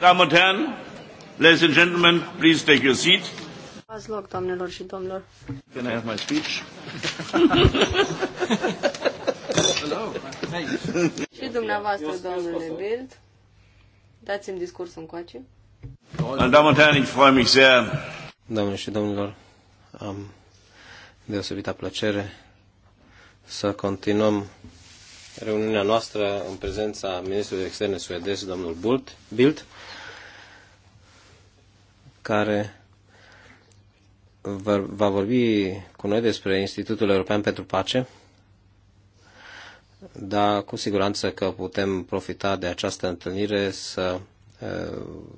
Damen und Herren, ladies and gentlemen, please take your seat. Ați loc, doamnelor și domnilor. Can I have my speech? Hello. și dumneavoastră, domnule Bild, dați-mi discursul încoace. Damen und Herren, ich freue mich sehr. Doamne și domnilor, am deosebită plăcere să continuăm reuniunea noastră în prezența ministrului externe suedez, domnul Bult, Bild, care va vorbi cu noi despre Institutul European pentru Pace, dar cu siguranță că putem profita de această întâlnire să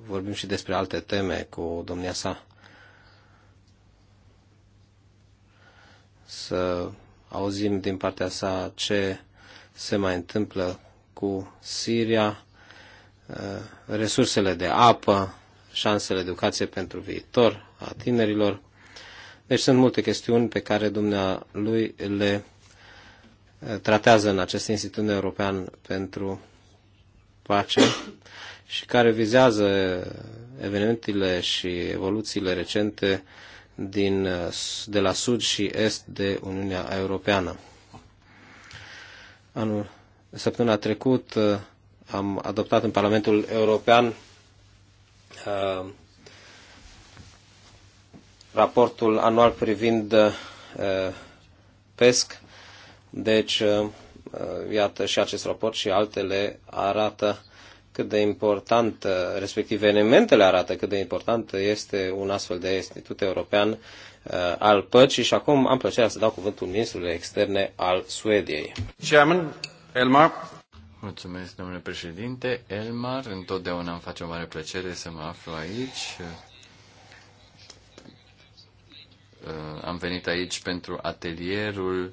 vorbim și despre alte teme cu domnia sa. Să auzim din partea sa ce se mai întâmplă cu Siria, uh, resursele de apă, șansele de educație pentru viitor a tinerilor. Deci sunt multe chestiuni pe care dumnealui le uh, tratează în acest Institut European pentru Pace și care vizează evenimentele și evoluțiile recente din, uh, de la sud și est de Uniunea Europeană. Anul, săptămâna trecut uh, am adoptat în Parlamentul European uh, raportul anual privind uh, PESC, deci uh, uh iată și acest raport și altele arată cât de important, uh, respectiv evenimentele arată cât de important este un astfel de institut european Uh, al păcii și acum am plăcerea să dau cuvântul ministrului externe al Suediei. Chairman, Elmar. Mulțumesc, domnule președinte. Elmar, întotdeauna îmi face o mare plăcere să mă aflu aici. Uh, am venit aici pentru atelierul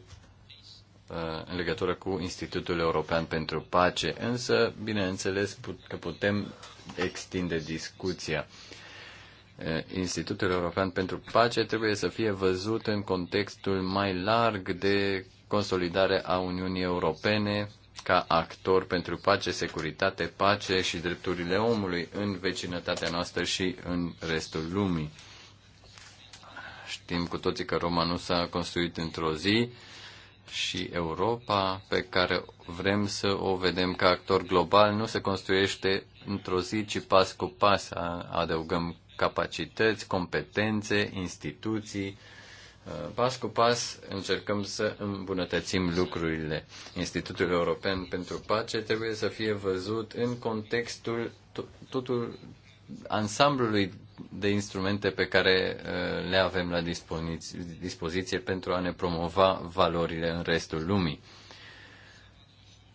uh, în legătură cu Institutul European pentru Pace, însă, bineînțeles, că putem extinde discuția. Eh, Institutul European pentru Pace trebuie să fie văzut în contextul mai larg de consolidare a Uniunii Europene ca actor pentru pace, securitate, pace și drepturile omului în vecinătatea noastră și în restul lumii. Știm cu toții că Roma nu s-a construit într-o zi și Europa pe care vrem să o vedem ca actor global nu se construiește într-o zi, ci pas cu pas adăugăm capacități, competențe, instituții. Uh, pas cu pas încercăm să îmbunătățim lucrurile. Institutul European pentru Pace trebuie să fie văzut în contextul totul ansamblului de instrumente pe care uh, le avem la dispoziție, dispoziție pentru a ne promova valorile în restul lumii.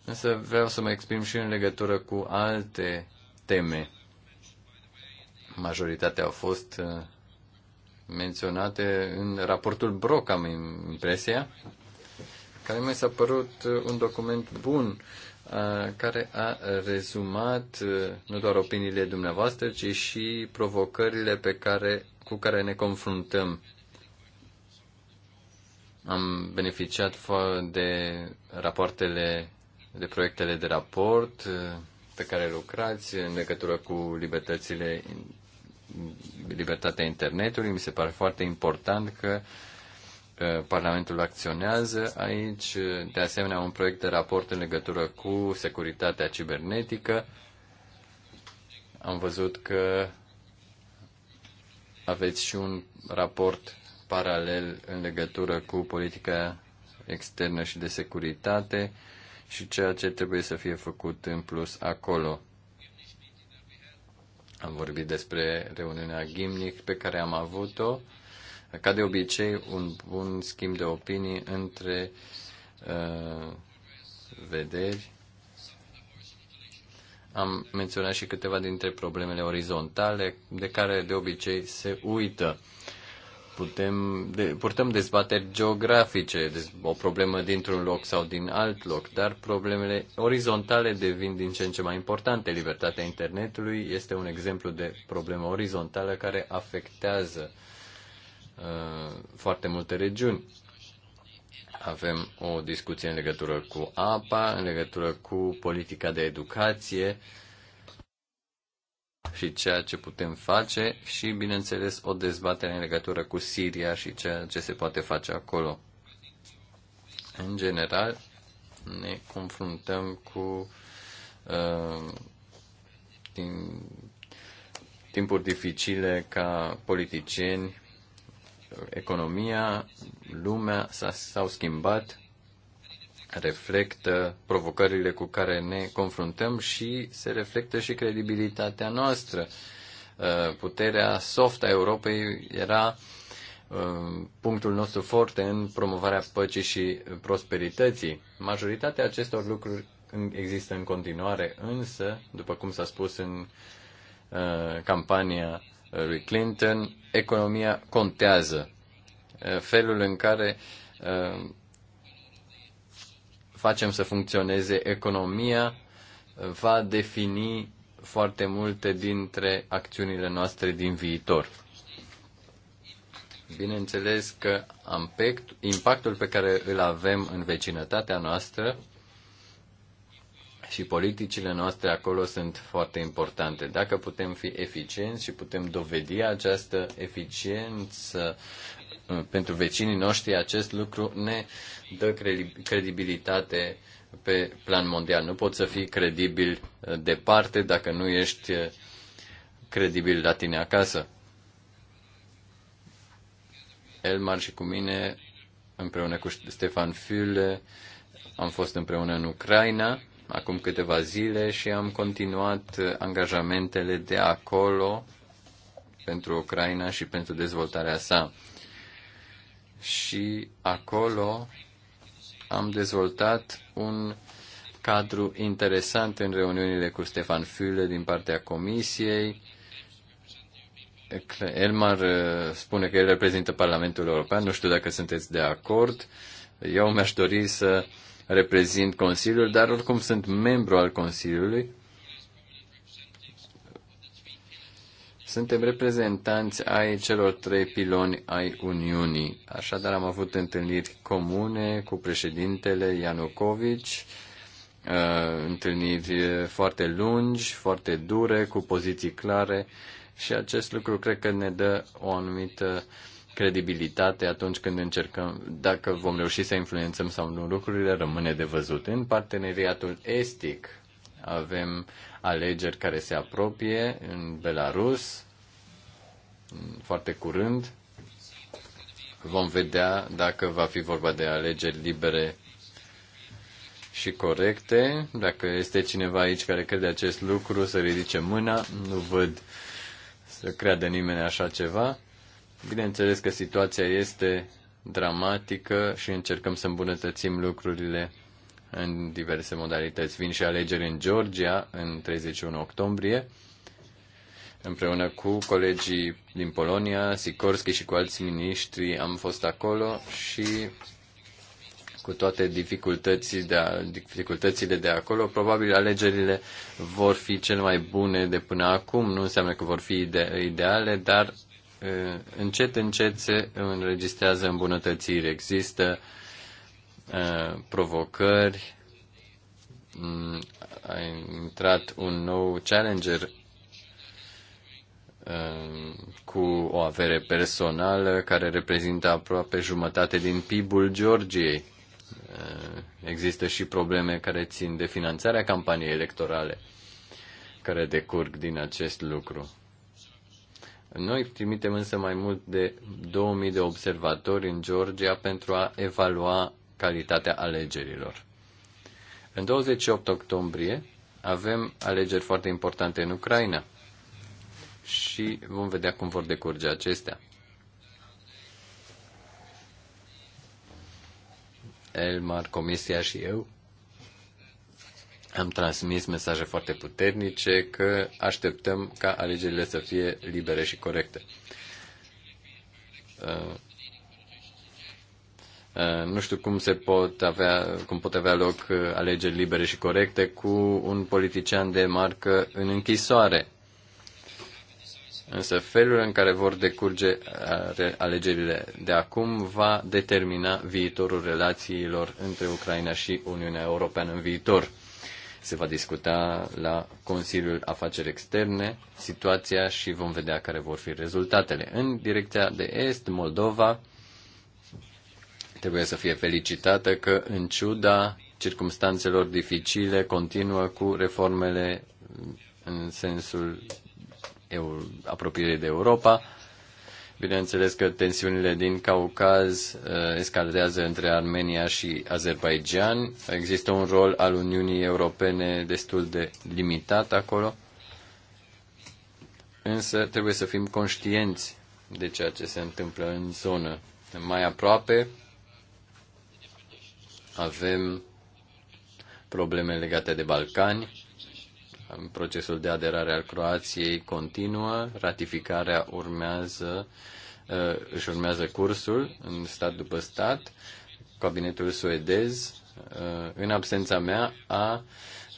Însă vreau să mă exprim și în legătură cu alte teme Majoritatea au fost uh, menționate în raportul Broc, am impresia, care mi s-a părut uh, un document bun uh, care a rezumat nu doar opiniile dumneavoastră, ci și provocările pe care, cu care ne confruntăm. Am beneficiat de rapoartele, de proiectele de raport pe care lucrați în legătură cu libertățile libertatea internetului. Mi se pare foarte important că uh, Parlamentul acționează aici. De asemenea, un proiect de raport în legătură cu securitatea cibernetică. Am văzut că aveți și un raport paralel în legătură cu politica externă și de securitate și ceea ce trebuie să fie făcut în plus acolo. Am vorbit despre reuniunea Gimnic pe care am avut-o. Ca de obicei, un bun schimb de opinii între uh, vederi. Am menționat și câteva dintre problemele orizontale de care de obicei se uită. Uh, putem, de, purtăm dezbateri geografice, de, o problemă dintr-un loc sau din alt loc, dar problemele orizontale devin din ce în ce mai importante. Libertatea internetului este un exemplu de problemă orizontală care afectează uh, foarte multe regiuni. Avem o discuție în legătură cu apa, în legătură cu politica de educație, uh, și ceea ce putem face și, bineînțeles, o dezbatere în legătură cu Siria și ceea ce se poate face acolo. În general, ne confruntăm cu uh, din timpuri dificile ca politicieni, economia, lumea s-au schimbat reflectă provocările cu care ne confruntăm și se reflectă și credibilitatea noastră. Uh, puterea soft a Europei era uh, punctul nostru forte în promovarea păcii și prosperității. Majoritatea acestor lucruri există în continuare, însă, după cum s-a spus în uh, campania lui Clinton, economia contează. Felul în care facem să funcționeze economia va defini foarte multe dintre acțiunile noastre din viitor. Bineînțeles că impactul pe care îl avem în vecinătatea noastră și politicile noastre acolo sunt foarte importante. Dacă putem fi eficienți și putem dovedi această eficiență Uh, pentru vecinii noștri, acest lucru ne dă credibilitate pe plan mondial. Nu poți să fii credibil uh, departe dacă nu ești uh, credibil la tine acasă. Elmar și cu mine, împreună cu Stefan Fiule, am fost împreună în Ucraina acum câteva zile și am continuat angajamentele de acolo pentru Ucraina și pentru dezvoltarea sa și acolo am dezvoltat un cadru interesant în reuniunile cu Stefan Füle din partea comisiei. Elmar uh, spune că el reprezintă Parlamentul European, nu știu dacă sunteți de acord. Eu mi-aș dori să reprezint Consiliul, dar oricum sunt membru al Consiliului Suntem reprezentanți ai celor trei piloni ai Uniunii. Așadar, am avut întâlniri comune cu președintele Ianucovici, uh, întâlniri foarte lungi, foarte dure, cu poziții clare și acest lucru cred că ne dă o anumită credibilitate atunci când încercăm, dacă vom reuși să influențăm sau nu lucrurile, rămâne de văzut. În parteneriatul estic, avem alegeri care se apropie în Belarus foarte curând. Vom vedea dacă va fi vorba de alegeri libere și corecte. Dacă este cineva aici care crede acest lucru, să ridice mâna. Nu văd să creadă nimeni așa ceva. Bineînțeles că situația este dramatică și încercăm să îmbunătățim lucrurile în diverse modalități. Vin și alegeri în Georgia în 31 octombrie, împreună cu colegii din Polonia, Sikorski și cu alți miniștri am fost acolo și cu toate dificultățile de, a, dificultățile de acolo, probabil alegerile vor fi cel mai bune de până acum. Nu înseamnă că vor fi ide- ideale, dar uh, încet, încet se înregistrează îmbunătățiri. Există uh, Uh, provocări. Mm, a intrat un nou challenger uh, cu o avere personală care reprezintă aproape jumătate din PIB-ul Georgiei. Uh, există și probleme care țin de finanțarea campaniei electorale care decurg din acest lucru. Noi trimitem însă mai mult de 2000 de observatori în Georgia pentru a evalua calitatea alegerilor. În 28 octombrie avem alegeri foarte importante în Ucraina și vom vedea cum vor decurge acestea. Elmar, Comisia și eu am transmis mesaje foarte puternice că așteptăm ca alegerile să fie libere și corecte. Uh, Uh, nu știu cum se pot avea, cum pot avea loc uh, alegeri libere și corecte cu un politician de marcă în închisoare. Însă felul în care vor decurge uh, alegerile de acum va determina viitorul relațiilor între Ucraina și Uniunea Europeană în viitor. Se va discuta la Consiliul Afaceri Externe situația și vom vedea care vor fi rezultatele. În direcția de est, Moldova trebuie să fie felicitată că, în ciuda circumstanțelor dificile, continuă cu reformele în sensul apropierii de Europa. Bineînțeles că tensiunile din Caucaz uh, escaldează între Armenia și Azerbaijan. Există un rol al Uniunii Europene destul de limitat acolo. Însă trebuie să fim conștienți de ceea ce se întâmplă în zonă. Mai aproape, avem probleme legate de Balcani, procesul de aderare al Croației continuă, ratificarea urmează, uh, își urmează cursul în stat după stat. Cabinetul suedez, uh, în absența mea, a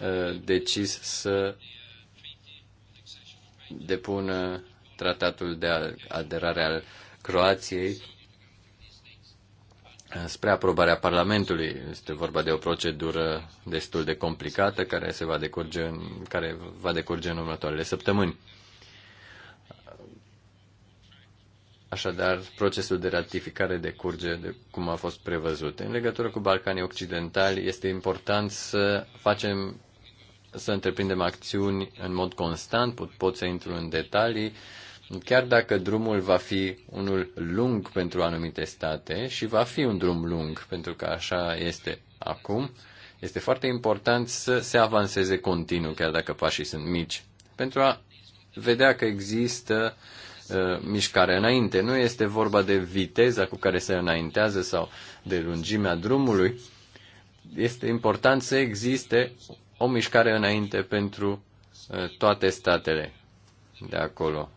uh, decis să depună tratatul de aderare al Croației spre aprobarea Parlamentului. Este vorba de o procedură destul de complicată care, se va, decurge în, care va decurge în următoarele săptămâni. Așadar, procesul de ratificare decurge de cum a fost prevăzut. În legătură cu Balcanii Occidentali, este important să facem, să întreprindem acțiuni în mod constant, pot, pot să intru în detalii, uh, chiar dacă drumul va fi unul lung pentru anumite state și va fi un drum lung, pentru că așa este acum, este foarte important să se avanseze continuu, chiar dacă pașii sunt mici, pentru a vedea că există uh, mișcare înainte. Nu este vorba de viteza cu care se înaintează sau de lungimea drumului. Este important să existe o mișcare înainte pentru uh, toate statele de acolo.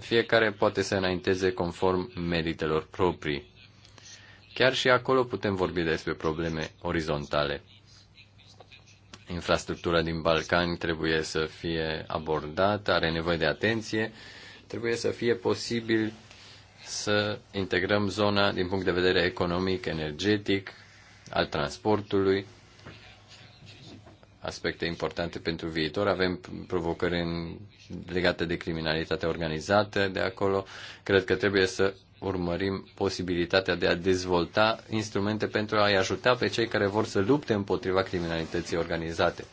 Fiecare poate să înainteze conform meritelor proprii. Chiar și acolo putem vorbi despre probleme orizontale. Infrastructura din Balcani trebuie să fie abordată, are nevoie de atenție, trebuie să fie posibil să integrăm zona din punct de vedere economic, energetic, al transportului, aspecte importante pentru viitor. Avem provocări în, legate de criminalitatea organizată de acolo. Cred că trebuie să urmărim posibilitatea de a dezvolta instrumente pentru a-i ajuta pe cei care vor să lupte împotriva criminalității organizate.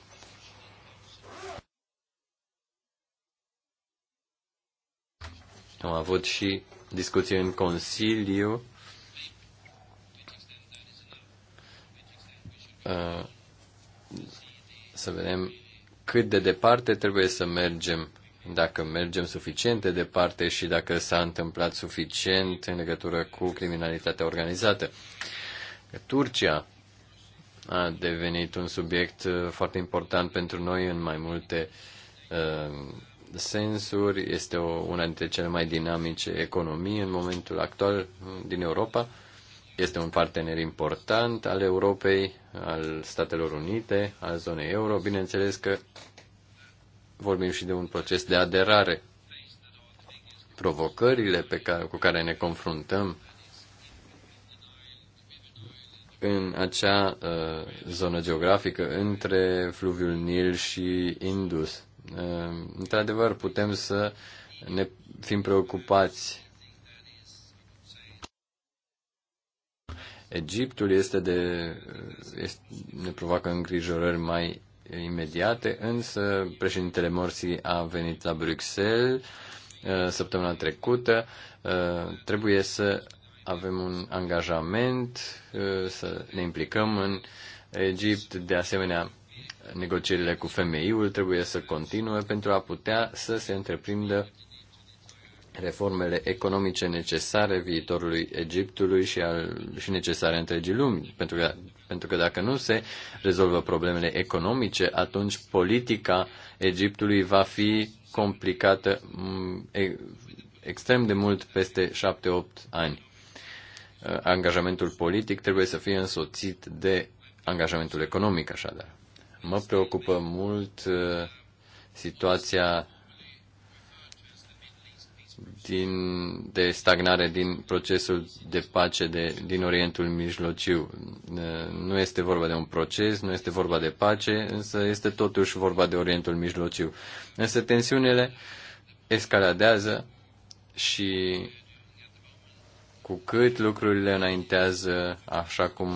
Am avut și discuții în Consiliu. Uh, să vedem cât de departe trebuie să mergem, dacă mergem suficient de departe și dacă s-a întâmplat suficient în legătură cu criminalitatea organizată. Turcia a devenit un subiect uh, foarte important pentru noi în mai multe uh, sensuri. Este o, una dintre cele mai dinamice economii în momentul actual uh, din Europa. Uh, este un partener important al Europei, al Statelor Unite, al zonei euro. Bineînțeles că vorbim și de un proces de aderare. Provocările pe care, cu care ne confruntăm în acea uh, zonă geografică între fluviul Nil și Indus. Uh, într-adevăr, putem să ne fim preocupați Egiptul este de, este, ne provoacă îngrijorări mai imediate, însă președintele Morsi a venit la Bruxelles uh, săptămâna trecută. Uh, trebuie să avem un angajament, uh, să ne implicăm în Egipt. De asemenea, negocierile cu femeiul trebuie să continue pentru a putea să se întreprindă reformele economice necesare viitorului Egiptului și, al, și necesare întregii lumi. Pentru că, pentru că dacă nu se rezolvă problemele economice, atunci politica Egiptului va fi complicată mm, extrem de mult peste 7-8 ani. Uh, angajamentul politic trebuie să fie însoțit de angajamentul economic, așadar. Mă preocupă mult uh, situația din, de stagnare din procesul de pace de, din Orientul Mijlociu. Nu este vorba de un proces, nu este vorba de pace, însă este totuși vorba de Orientul Mijlociu. Însă tensiunile escaladează și cu cât lucrurile înaintează așa cum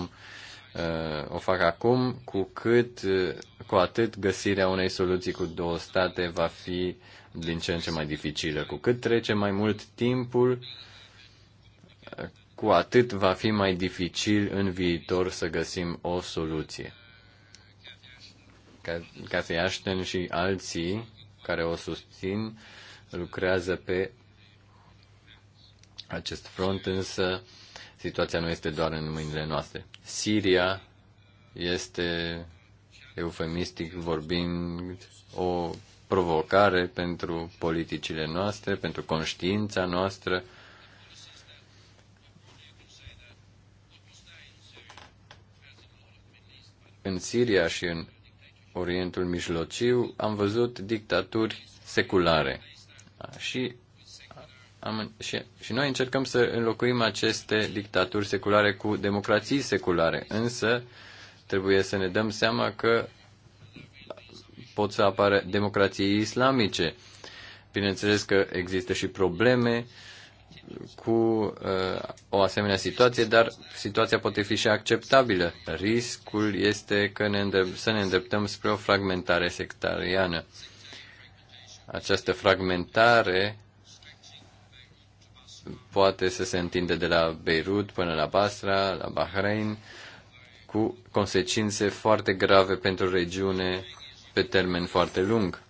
uh, o fac acum, cu cât, uh, cu atât găsirea unei soluții cu două state va fi din ce în ce mai dificilă. Cu cât trece mai mult timpul, cu atât va fi mai dificil în viitor să găsim o soluție. Ca Cathy aștept și alții care o susțin lucrează pe acest front, însă situația nu este doar în mâinile noastre. Siria este, eufemistic vorbind, o provocare pentru politicile noastre, pentru conștiința noastră. În Siria și în Orientul Mijlociu am văzut dictaturi seculare și am, și, și noi încercăm să înlocuim aceste dictaturi seculare cu democrații seculare, însă trebuie să ne dăm seama că pot să apară democrații islamice. Bineînțeles că există și probleme cu uh, o asemenea situație, dar situația poate fi și acceptabilă. Riscul este că ne îndrept, să ne îndreptăm spre o fragmentare sectariană. Această fragmentare poate să se întinde de la Beirut până la Basra, la Bahrain, cu consecințe foarte grave pentru regiune, pe termen foarte lung.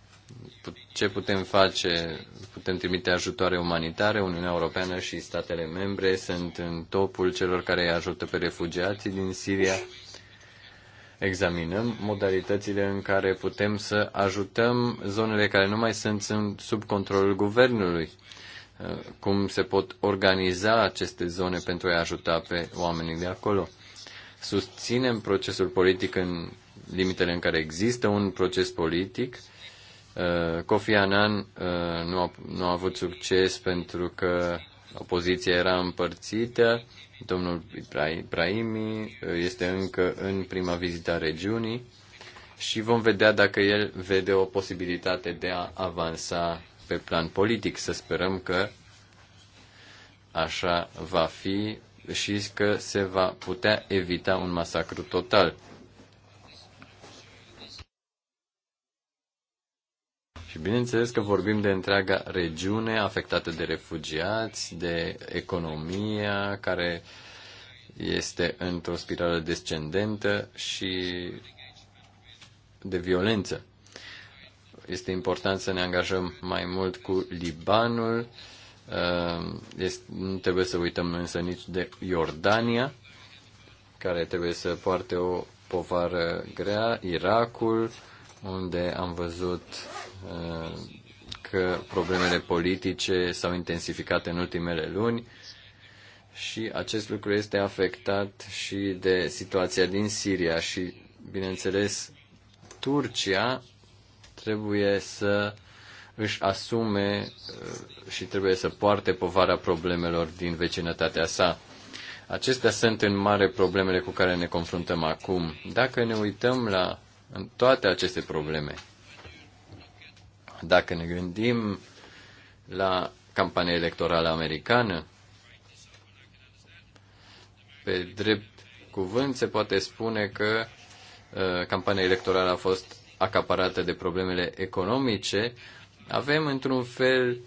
Ce putem face? Putem trimite ajutoare umanitare. Uniunea Europeană și statele membre sunt în topul celor care îi ajută pe refugiații din Siria. Examinăm modalitățile în care putem să ajutăm zonele care nu mai sunt sub controlul guvernului cum se pot organiza aceste zone pentru a ajuta pe oamenii de acolo. Susținem procesul politic în limitele în care există un proces politic. Uh, Kofi Annan uh, nu a, nu a avut succes pentru că opoziția era împărțită. Domnul Brahimi uh, este încă în prima vizită a regiunii și vom vedea dacă el vede o posibilitate de a avansa pe plan politic. Să sperăm că așa va fi și că se va putea evita un masacru total. Și bineînțeles că vorbim de întreaga regiune afectată de refugiați, de economia care este într-o spirală descendentă și de violență. Este important să ne angajăm mai mult cu Libanul, uh, este, nu trebuie să uităm însă nici de Iordania, care trebuie să poarte o povară grea, Irakul, unde am văzut Uh, că problemele politice s-au intensificat în ultimele luni și acest lucru este afectat și de situația din Siria și, bineînțeles, Turcia trebuie să își asume uh, și trebuie să poarte povara problemelor din vecinătatea sa. Acestea sunt în mare problemele cu care ne confruntăm acum. Dacă ne uităm la în toate aceste probleme, dacă ne gândim la campania electorală americană, pe drept cuvânt se poate spune că uh, campania electorală a fost acaparată de problemele economice, avem într-un fel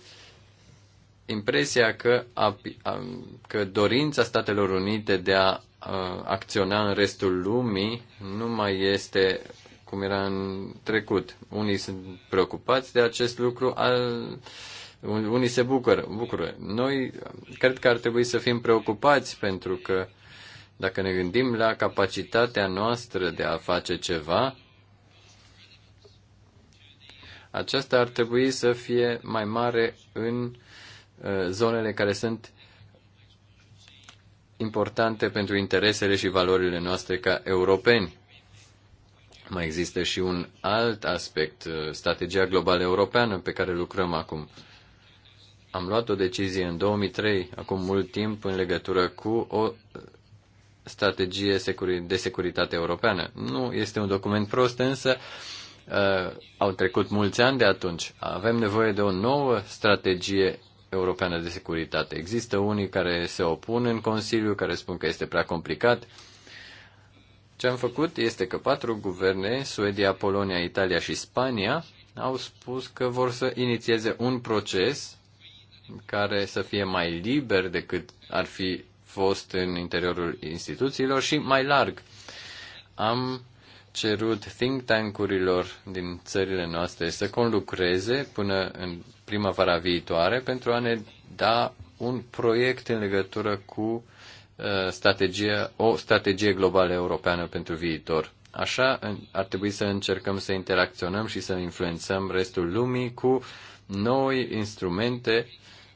impresia că, a, a, că dorința Statelor Unite de a, a uh, acționa în restul lumii nu mai este cum era în trecut. Unii sunt preocupați de acest lucru, al, unii se bucură, bucură. Noi cred că ar trebui să fim preocupați pentru că dacă ne gândim la capacitatea noastră de a face ceva, aceasta ar trebui să fie mai mare în uh, zonele care sunt importante pentru interesele și valorile noastre ca europeni. Mai există și un alt aspect, uh, strategia globală europeană pe care lucrăm acum. Am luat o decizie în 2003, acum mult timp, în legătură cu o uh, strategie de securitate europeană. Nu este un document prost, însă uh, au trecut mulți ani de atunci. Avem nevoie de o nouă strategie europeană de securitate. Există unii care se opun în Consiliu, care spun că este prea complicat. Ce am făcut este că patru guverne, Suedia, Polonia, Italia și Spania, au spus că vor să inițieze un proces care să fie mai liber decât ar fi fost în interiorul instituțiilor și mai larg. Am cerut think tank-urilor din țările noastre să conlucreze până în primăvara viitoare pentru a ne da un proiect în legătură cu Uh, strategie, o strategie globală europeană pentru viitor. Așa ar trebui să încercăm să interacționăm și să influențăm restul lumii cu noi instrumente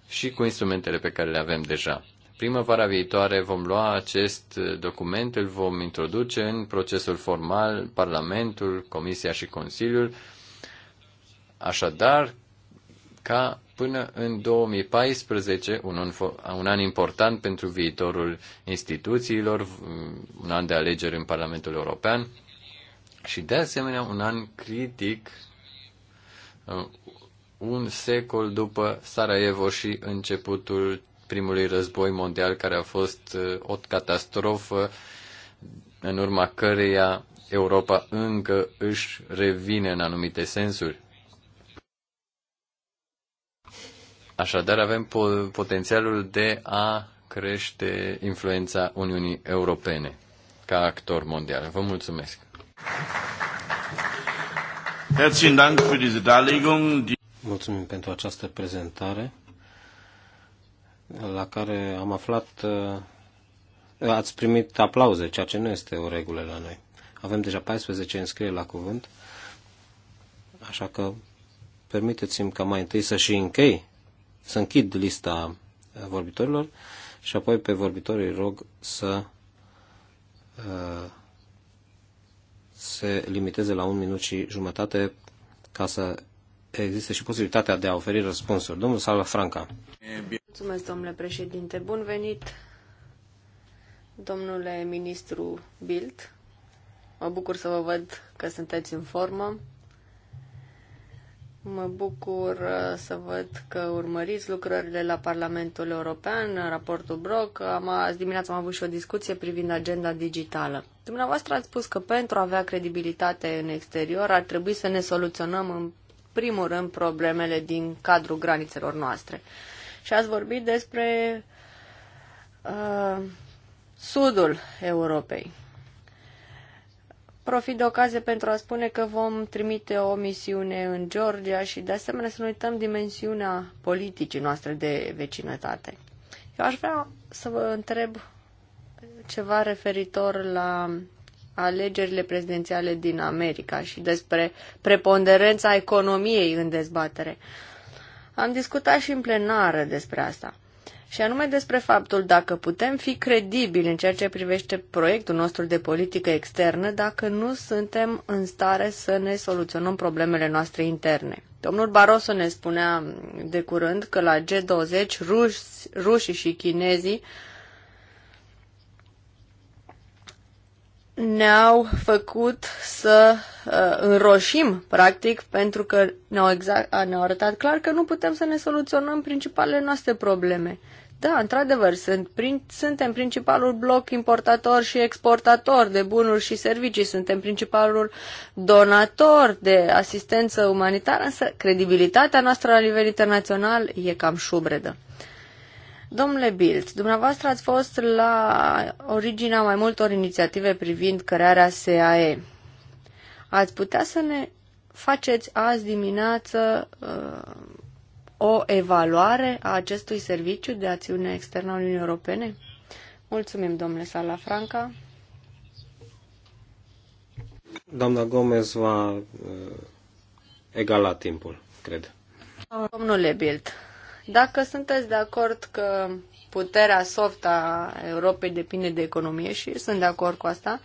și cu instrumentele pe care le avem deja. Primăvara viitoare vom lua acest document, îl vom introduce în procesul formal, Parlamentul, Comisia și Consiliul, așadar ca până în 2014, un an, un an important pentru viitorul instituțiilor, un an de alegeri în Parlamentul European și, de asemenea, un an critic, uh, un secol după Sarajevo și începutul primului război mondial, care a fost uh, o catastrofă în urma căreia Europa încă își revine în anumite sensuri. Așadar, avem po- potențialul de a crește influența Uniunii Europene ca actor mondial. Vă mulțumesc! Mulțumim pentru această prezentare la care am aflat uh, ați primit aplauze, ceea ce nu este o regulă la noi. Avem deja 14 înscrieri la cuvânt, așa că permiteți-mi ca mai întâi să și închei să închid lista vorbitorilor și apoi pe vorbitorii rog să uh, se limiteze la un minut și jumătate ca să există și posibilitatea de a oferi răspunsuri. Domnul Salva Franca. Mulțumesc, domnule președinte. Bun venit, domnule ministru Bilt. Mă bucur să vă văd că sunteți în formă Mă bucur uh, să văd că urmăriți lucrările la Parlamentul European, raportul Broc. Am, azi dimineața am avut și o discuție privind agenda digitală. Dumneavoastră ați spus că pentru a avea credibilitate în exterior ar trebui să ne soluționăm în primul rând problemele din cadrul granițelor noastre. Și ați vorbit despre uh, sudul Europei profit de ocazie pentru a spune că vom trimite o misiune în Georgia și de asemenea să nu uităm dimensiunea politicii noastre de vecinătate. Eu aș vrea să vă întreb ceva referitor la alegerile prezidențiale din America și despre preponderența economiei în dezbatere. Am discutat și în plenară despre asta și anume despre faptul dacă putem fi credibili în ceea ce privește proiectul nostru de politică externă dacă nu suntem în stare să ne soluționăm problemele noastre interne. Domnul Barroso ne spunea de curând că la G20 ruși, rușii și chinezii ne-au făcut să uh, înroșim, practic, pentru că ne-au, exact, ne-au arătat clar că nu putem să ne soluționăm principalele noastre probleme. Uh, da, într-adevăr, sunt prin, suntem principalul bloc importator și exportator de bunuri și servicii, suntem principalul donator de asistență umanitară, însă credibilitatea noastră la nivel internațional e cam șubredă. Domnule Bilt, dumneavoastră ați fost la originea mai multor inițiative privind crearea SAE. Ați putea să ne faceți azi dimineață uh, o evaluare a acestui serviciu de acțiune externă a Uniunii Europene? Mulțumim, domnule Salafranca. Doamna Gomez va uh, egala timpul, cred. Domnule Bild, dacă sunteți de acord că puterea soft a Europei depinde de economie și sunt de acord cu asta,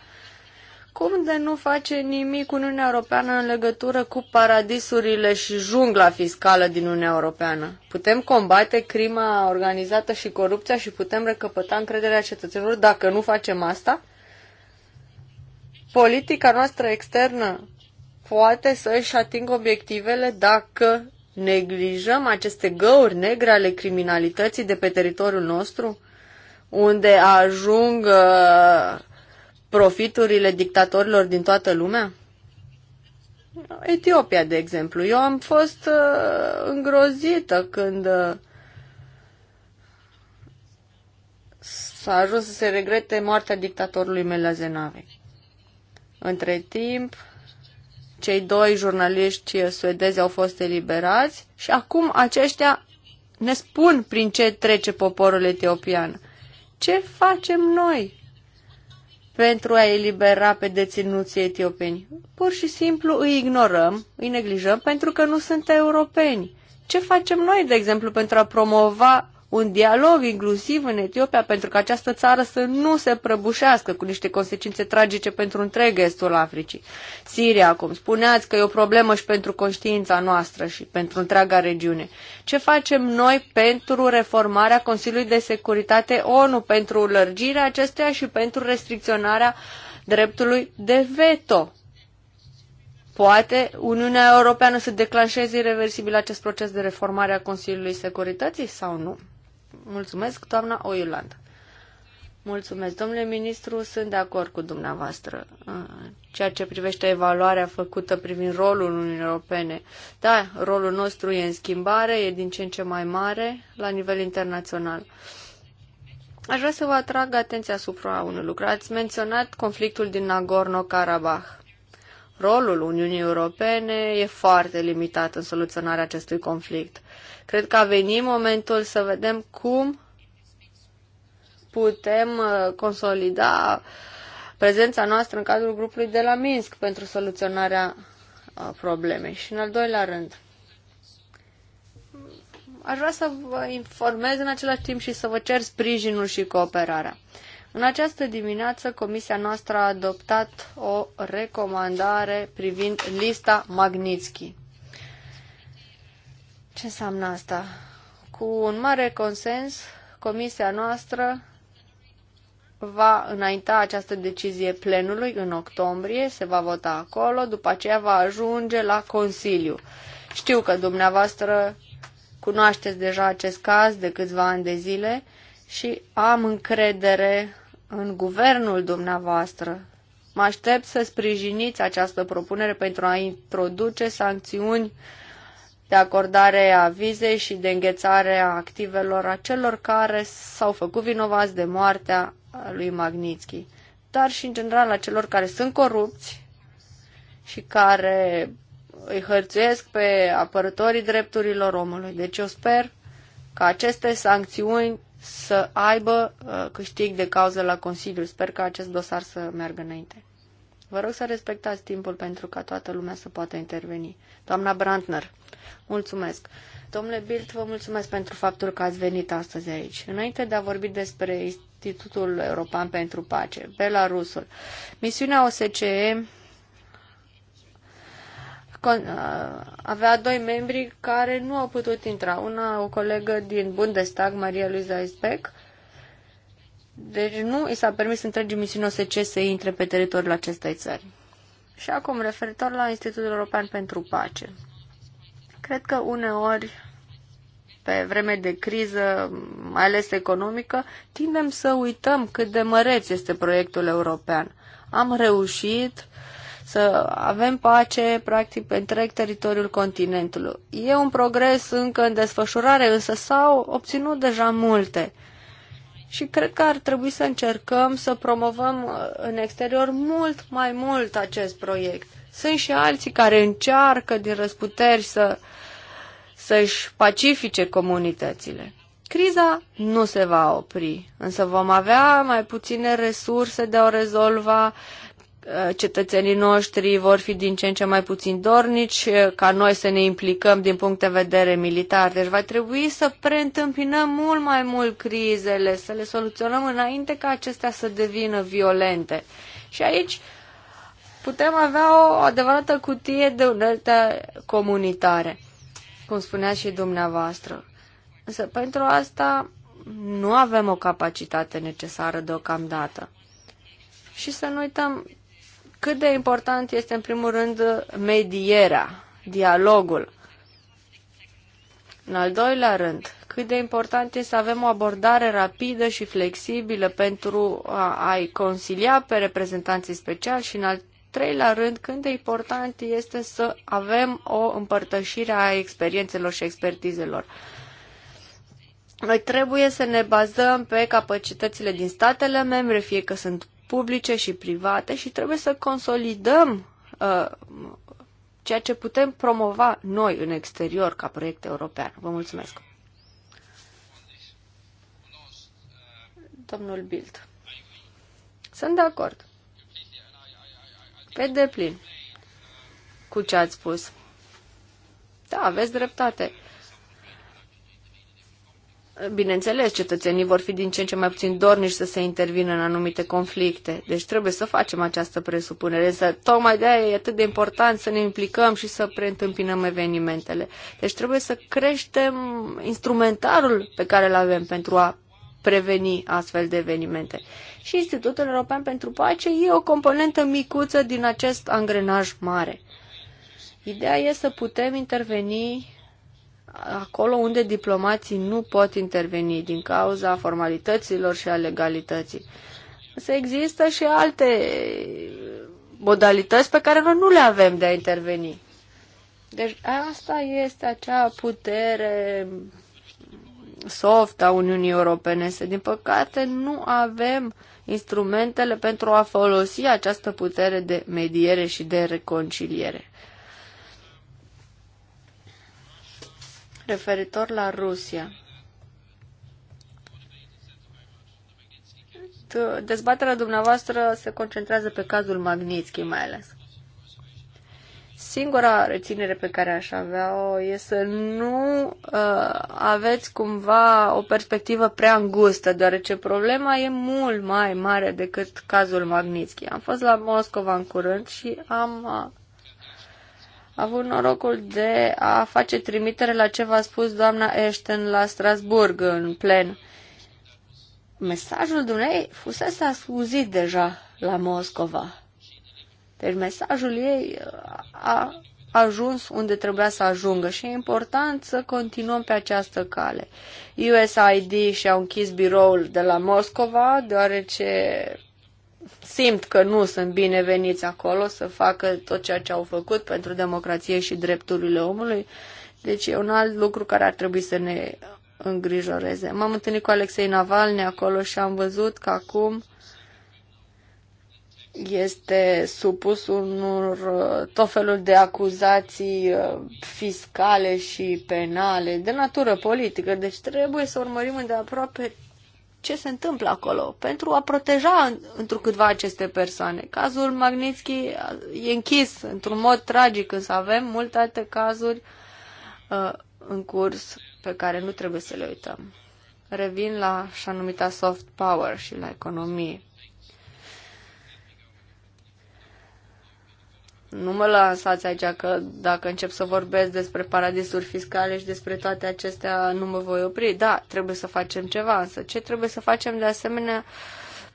cum de nu face nimic Uniunea Europeană în legătură cu paradisurile și jungla fiscală din Uniunea Europeană? Putem combate crima organizată și corupția și putem recăpăta încrederea cetățenilor dacă nu facem asta? Politica noastră externă poate să își atingă obiectivele dacă neglijăm aceste găuri negre ale criminalității de pe teritoriul nostru, unde ajung uh, profiturile dictatorilor din toată lumea? Etiopia, de exemplu. Eu am fost uh, îngrozită când uh, s-a ajuns să se regrete moartea dictatorului Mela Zenave. Între timp, cei doi jurnaliști suedezi au fost eliberați și acum aceștia ne spun prin ce trece poporul etiopian. Ce facem noi? pentru a elibera pe deținuții etiopeni. Pur și simplu îi ignorăm, îi neglijăm pentru că nu sunt europeni. Ce facem noi, de exemplu, pentru a promova un dialog inclusiv în Etiopia pentru că această țară să nu se prăbușească cu niște consecințe tragice pentru întreg estul Africii. Siria, acum spuneați că e o problemă și pentru conștiința noastră și pentru întreaga regiune. Ce facem noi pentru reformarea Consiliului de Securitate ONU, pentru lărgirea acestuia și pentru restricționarea dreptului de veto? Poate Uniunea Europeană să declanșeze irreversibil acest proces de reformare a Consiliului Securității sau nu? Mulțumesc, doamna Oiuland. Mulțumesc, domnule ministru, sunt de acord cu dumneavoastră uh, ceea ce privește evaluarea făcută privind rolul Uniunii Europene. Da, rolul nostru e în schimbare, e din ce în ce mai mare la nivel internațional. Aș vrea să vă atrag atenția asupra unui lucru. Ați menționat conflictul din Nagorno-Karabakh. Rolul Uniunii Europene e foarte limitat în soluționarea acestui conflict. Cred că a venit momentul să vedem cum putem uh, consolida prezența noastră în cadrul grupului de la Minsk pentru soluționarea uh, problemei. Și în al doilea rând, aș vrea să vă informez în același timp și să vă cer sprijinul și cooperarea. În această dimineață, comisia noastră a adoptat o recomandare privind lista Magnitsky. Ce înseamnă asta? Cu un mare consens, comisia noastră va înainta această decizie plenului în octombrie, se va vota acolo, după aceea va ajunge la Consiliu. Știu că dumneavoastră cunoașteți deja acest caz de câțiva ani de zile și am încredere în guvernul dumneavoastră. Mă aștept să sprijiniți această propunere pentru a introduce sancțiuni de acordare a vizei și de înghețare a activelor a celor care s-au făcut vinovați de moartea lui Magnitsky, dar și în general a celor care sunt corupți și care îi hărțuiesc pe apărătorii drepturilor omului. Deci eu sper că aceste sancțiuni să aibă uh, câștig de cauză la Consiliu. Sper că acest dosar să meargă înainte. Vă rog să respectați timpul pentru ca toată lumea să poată interveni. Doamna Brandner, mulțumesc. Domnule Bilt, vă mulțumesc pentru faptul că ați venit astăzi aici. Înainte de a vorbi despre Institutul European pentru Pace, Belarusul, misiunea OSCE Uh, avea doi membri care nu au putut intra. Una, o colegă din Bundestag, Maria Luisa Isbeck, deci nu i s-a permis întregii misiuni OSC să intre pe teritoriul acestei țări. Și acum, referitor la Institutul European pentru Pace. Cred că uneori, pe vreme de criză, mai ales economică, tindem să uităm cât de măreț este proiectul european. Am reușit să avem pace, practic, pe întreg teritoriul continentului. E un progres încă în desfășurare, însă s-au obținut deja multe. Și cred că ar trebui să încercăm să promovăm uh, în exterior mult mai mult acest proiect. Sunt și alții care încearcă din răsputeri să, să-și pacifice comunitățile. Criza nu se va opri, însă vom avea mai puține resurse de a o rezolva, cetățenii noștri vor fi din ce în ce mai puțin dornici ca noi să ne implicăm din punct de vedere militar. Deci va trebui să preîntâmpinăm mult mai mult crizele, să le soluționăm înainte ca acestea să devină violente. Și aici putem avea o adevărată cutie de unelte comunitare, cum spunea și dumneavoastră. Însă pentru asta nu avem o capacitate necesară deocamdată. Și să nu uităm, cât de important este în primul rând medierea, dialogul. În al doilea rând, cât de important este să avem o abordare rapidă și flexibilă pentru a-i consilia pe reprezentanții speciali și în al treilea rând, cât de important este să avem o împărtășire a experiențelor și expertizelor. Noi trebuie să ne bazăm pe capacitățile din statele membre, fie că sunt publice și private și trebuie să consolidăm uh, ceea ce putem promova noi în exterior ca proiect european. Vă mulțumesc! Domnul Bild. Sunt de acord. Pe deplin cu ce ați spus. Da, aveți dreptate. Bineînțeles, cetățenii vor fi din ce în ce mai puțin dorniși să se intervină în anumite conflicte, deci trebuie să facem această presupunere, însă tocmai de aia e atât de important să ne implicăm și să preîntâmpinăm evenimentele. Deci trebuie să creștem instrumentarul pe care îl avem pentru a preveni astfel de evenimente. Și Institutul European pentru Pace e o componentă micuță din acest angrenaj mare. Ideea e să putem interveni acolo unde diplomații nu pot interveni din cauza formalităților și a legalității. Să există și alte modalități pe care noi nu le avem de a interveni. Deci asta este acea putere soft a Uniunii Europene, să din păcate nu avem instrumentele pentru a folosi această putere de mediere și de reconciliere. referitor la Rusia. Dezbaterea dumneavoastră se concentrează pe cazul Magnitsky mai ales. Singura reținere pe care aș avea-o e să nu uh, aveți cumva o perspectivă prea îngustă, deoarece problema e mult mai mare decât cazul Magnitsky. Am fost la Moscova în curând și am uh, avut norocul de a face trimitere la ce v-a spus doamna Ashton la Strasburg în plen. Mesajul dumnei fusese ascuzit deja la Moscova. Deci mesajul ei uh, a ajuns unde trebuia să ajungă și e important să continuăm pe această cale. USAID și-au închis biroul de la Moscova, deoarece simt că nu sunt bineveniți acolo să facă tot ceea ce au făcut pentru democrație și drepturile omului. Deci e un alt lucru care ar trebui să ne îngrijoreze. M-am întâlnit cu Alexei Navalny acolo și am văzut că acum este supus unor uh, tot felul de acuzații uh, fiscale și penale de natură politică. Deci trebuie să urmărim de aproape ce se întâmplă acolo pentru a proteja întrucâtva aceste persoane. Cazul Magnitsky e închis într-un mod tragic, însă avem multe alte cazuri uh, în curs pe care nu trebuie să le uităm. Revin la așa numita soft power și la economie. Nu mă lăsați aici că dacă încep să vorbesc despre paradisuri fiscale și despre toate acestea, nu mă voi opri. Da, trebuie să facem ceva, însă ce trebuie să facem de asemenea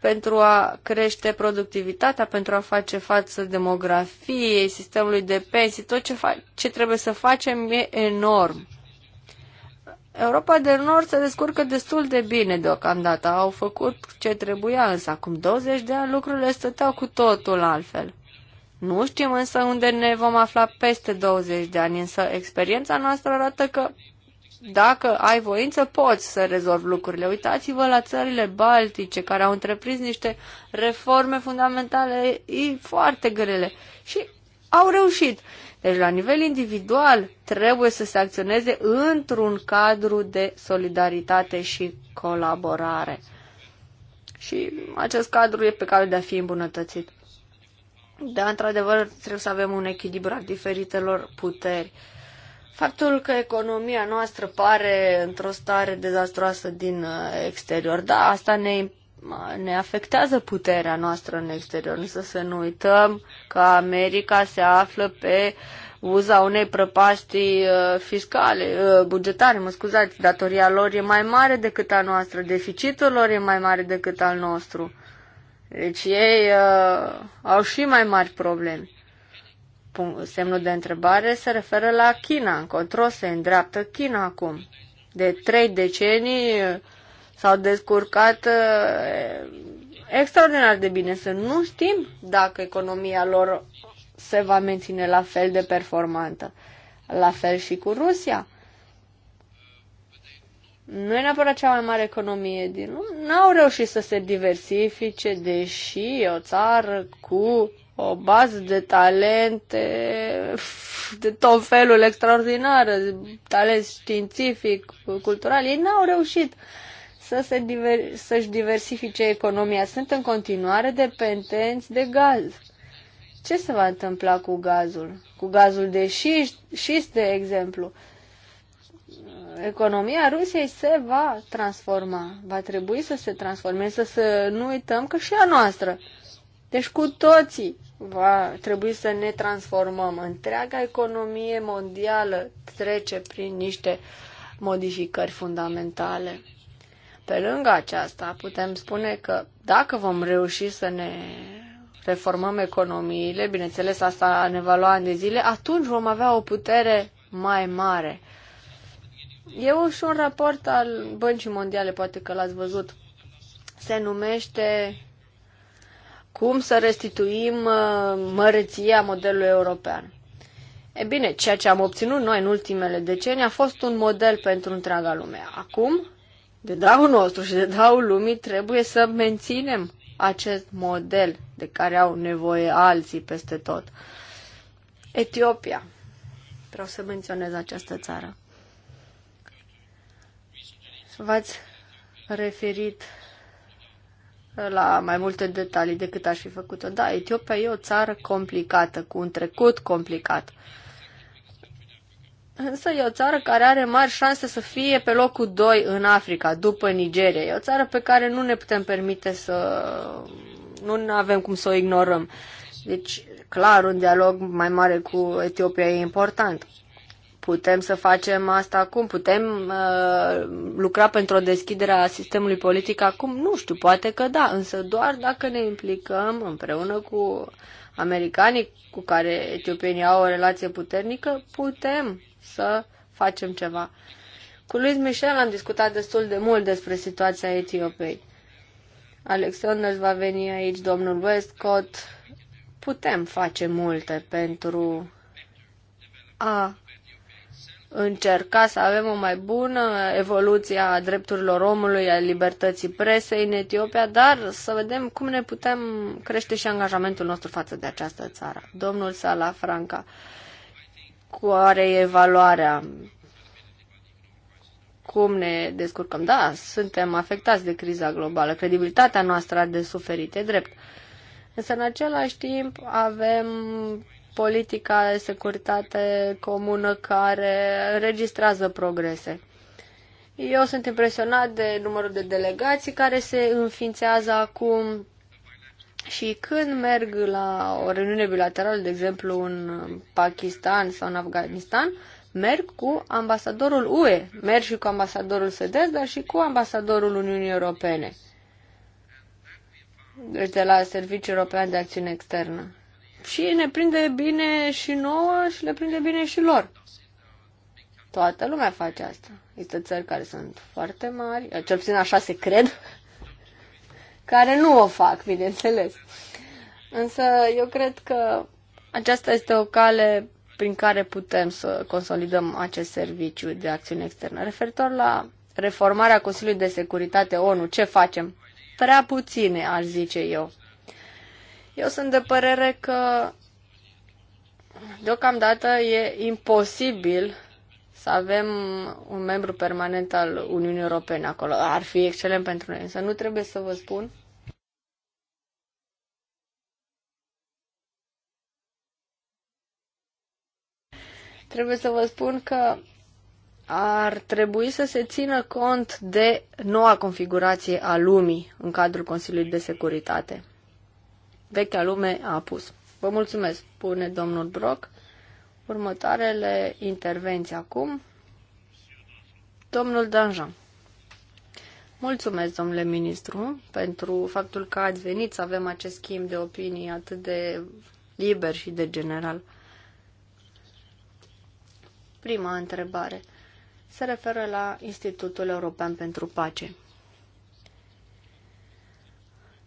pentru a crește productivitatea, pentru a face față demografiei, sistemului de pensii, tot ce, ce trebuie să facem e enorm. Europa de Nord se descurcă destul de bine deocamdată. Au făcut ce trebuia, însă acum 20 de ani lucrurile stăteau cu totul altfel. Nu știm însă unde ne vom afla peste 20 de ani, însă experiența noastră arată că dacă ai voință, poți să rezolvi lucrurile. Uitați-vă la țările baltice care au întreprins niște reforme fundamentale foarte grele și au reușit. Deci, la nivel individual, trebuie să se acționeze într-un cadru de solidaritate și colaborare. Și acest cadru e pe care de a fi îmbunătățit. Da, într-adevăr, trebuie să avem un echilibru al diferitelor puteri. Faptul că economia noastră pare într-o stare dezastroasă din uh, exterior, da, asta ne, uh, ne afectează puterea noastră în exterior, însă să nu uităm că America se află pe uza unei prăpastii uh, fiscale, bugetare, mă scuzați, datoria lor e mai mare decât a noastră, deficitul lor e mai mare decât al nostru. Deci ei uh, au și mai mari probleme. semnul de întrebare se referă la China. În control se îndreaptă China acum. De trei decenii uh, s-au descurcat uh, extraordinar de bine. Să nu știm dacă economia lor se va menține la fel de performantă. La fel și cu Rusia nu e neapărat cea mai mare economie din lume, n-au reușit să se diversifice, deși e o țară cu o bază de talente de tot felul extraordinar, talent științific, cultural, ei n-au reușit să se diver- să-și diversifice economia. Sunt în continuare dependenți de gaz. Ce se va întâmpla cu gazul? Cu gazul de șist, șist de exemplu. Uh, economia Rusiei se va transforma, va trebui să se transforme, să, să nu uităm că și a noastră. Deci cu toții va trebui să ne transformăm. Întreaga economie mondială trece prin niște modificări fundamentale. Pe lângă aceasta, putem spune că dacă vom reuși să ne reformăm economiile, bineînțeles asta ne va lua ani de zile, atunci vom avea o putere mai mare E și un raport al Băncii Mondiale, poate că l-ați văzut, se numește Cum să restituim uh, mărăția modelului european. E bine, ceea ce am obținut noi în ultimele decenii a fost un model pentru întreaga lume. Acum, de dragul nostru și de dragul lumii, trebuie să menținem acest model de care au nevoie alții peste tot. Etiopia. Vreau să menționez această țară. V-ați referit la mai multe detalii decât aș fi făcut-o. Da, Etiopia e o țară complicată, cu un trecut complicat. Însă e o țară care are mari șanse să fie pe locul 2 în Africa, după Nigeria. E o țară pe care nu ne putem permite să... nu avem cum să o ignorăm. Deci, clar, un dialog mai mare cu Etiopia e important. Putem să facem asta acum? Putem uh, lucra pentru o deschidere a sistemului politic acum? Nu știu, poate că da, însă doar dacă ne implicăm împreună cu americanii cu care etiopenii au o relație puternică, putem să facem ceva. Cu Luis Michel am discutat destul de mult despre situația Etiopiei. Alexander va veni aici, domnul Westcott. Putem face multe pentru a încerca să avem o mai bună evoluție a drepturilor omului, a libertății presei în Etiopia, dar să vedem cum ne putem crește și angajamentul nostru față de această țară. Domnul Sala Franca, cu are evaluarea? Cum ne descurcăm? Da, suntem afectați de criza globală. Credibilitatea noastră a de suferit, e drept. Însă, în același timp, avem politica de securitate comună care registrează progrese. Eu sunt impresionat de numărul de delegații care se înființează acum și când merg la o reuniune bilaterală, de exemplu în Pakistan sau în Afganistan, merg cu ambasadorul UE, merg și cu ambasadorul SEDES, dar și cu ambasadorul Uniunii Europene. Deci de la Serviciul European de Acțiune Externă și ne prinde bine și nouă și le prinde bine și lor. Toată lumea face asta. Există țări care sunt foarte mari, cel puțin așa se cred, care nu o fac, bineînțeles. Însă eu cred că aceasta este o cale prin care putem să consolidăm acest serviciu de acțiune externă. Referitor la reformarea Consiliului de Securitate ONU, ce facem? Prea puține, aș zice eu. Eu sunt de părere că deocamdată e imposibil să avem un membru permanent al Uniunii Europene acolo. Ar fi excelent pentru noi, însă nu trebuie să vă spun trebuie să vă spun că ar trebui să se țină cont de noua configurație a lumii în cadrul Consiliului de Securitate vechea lume a apus. Vă mulțumesc, spune domnul Brock. Următoarele intervenții acum. Domnul Danjan. Mulțumesc, domnule ministru, pentru faptul că ați venit să avem acest schimb de opinii atât de liber și de general. Prima întrebare se referă la Institutul European pentru Pace.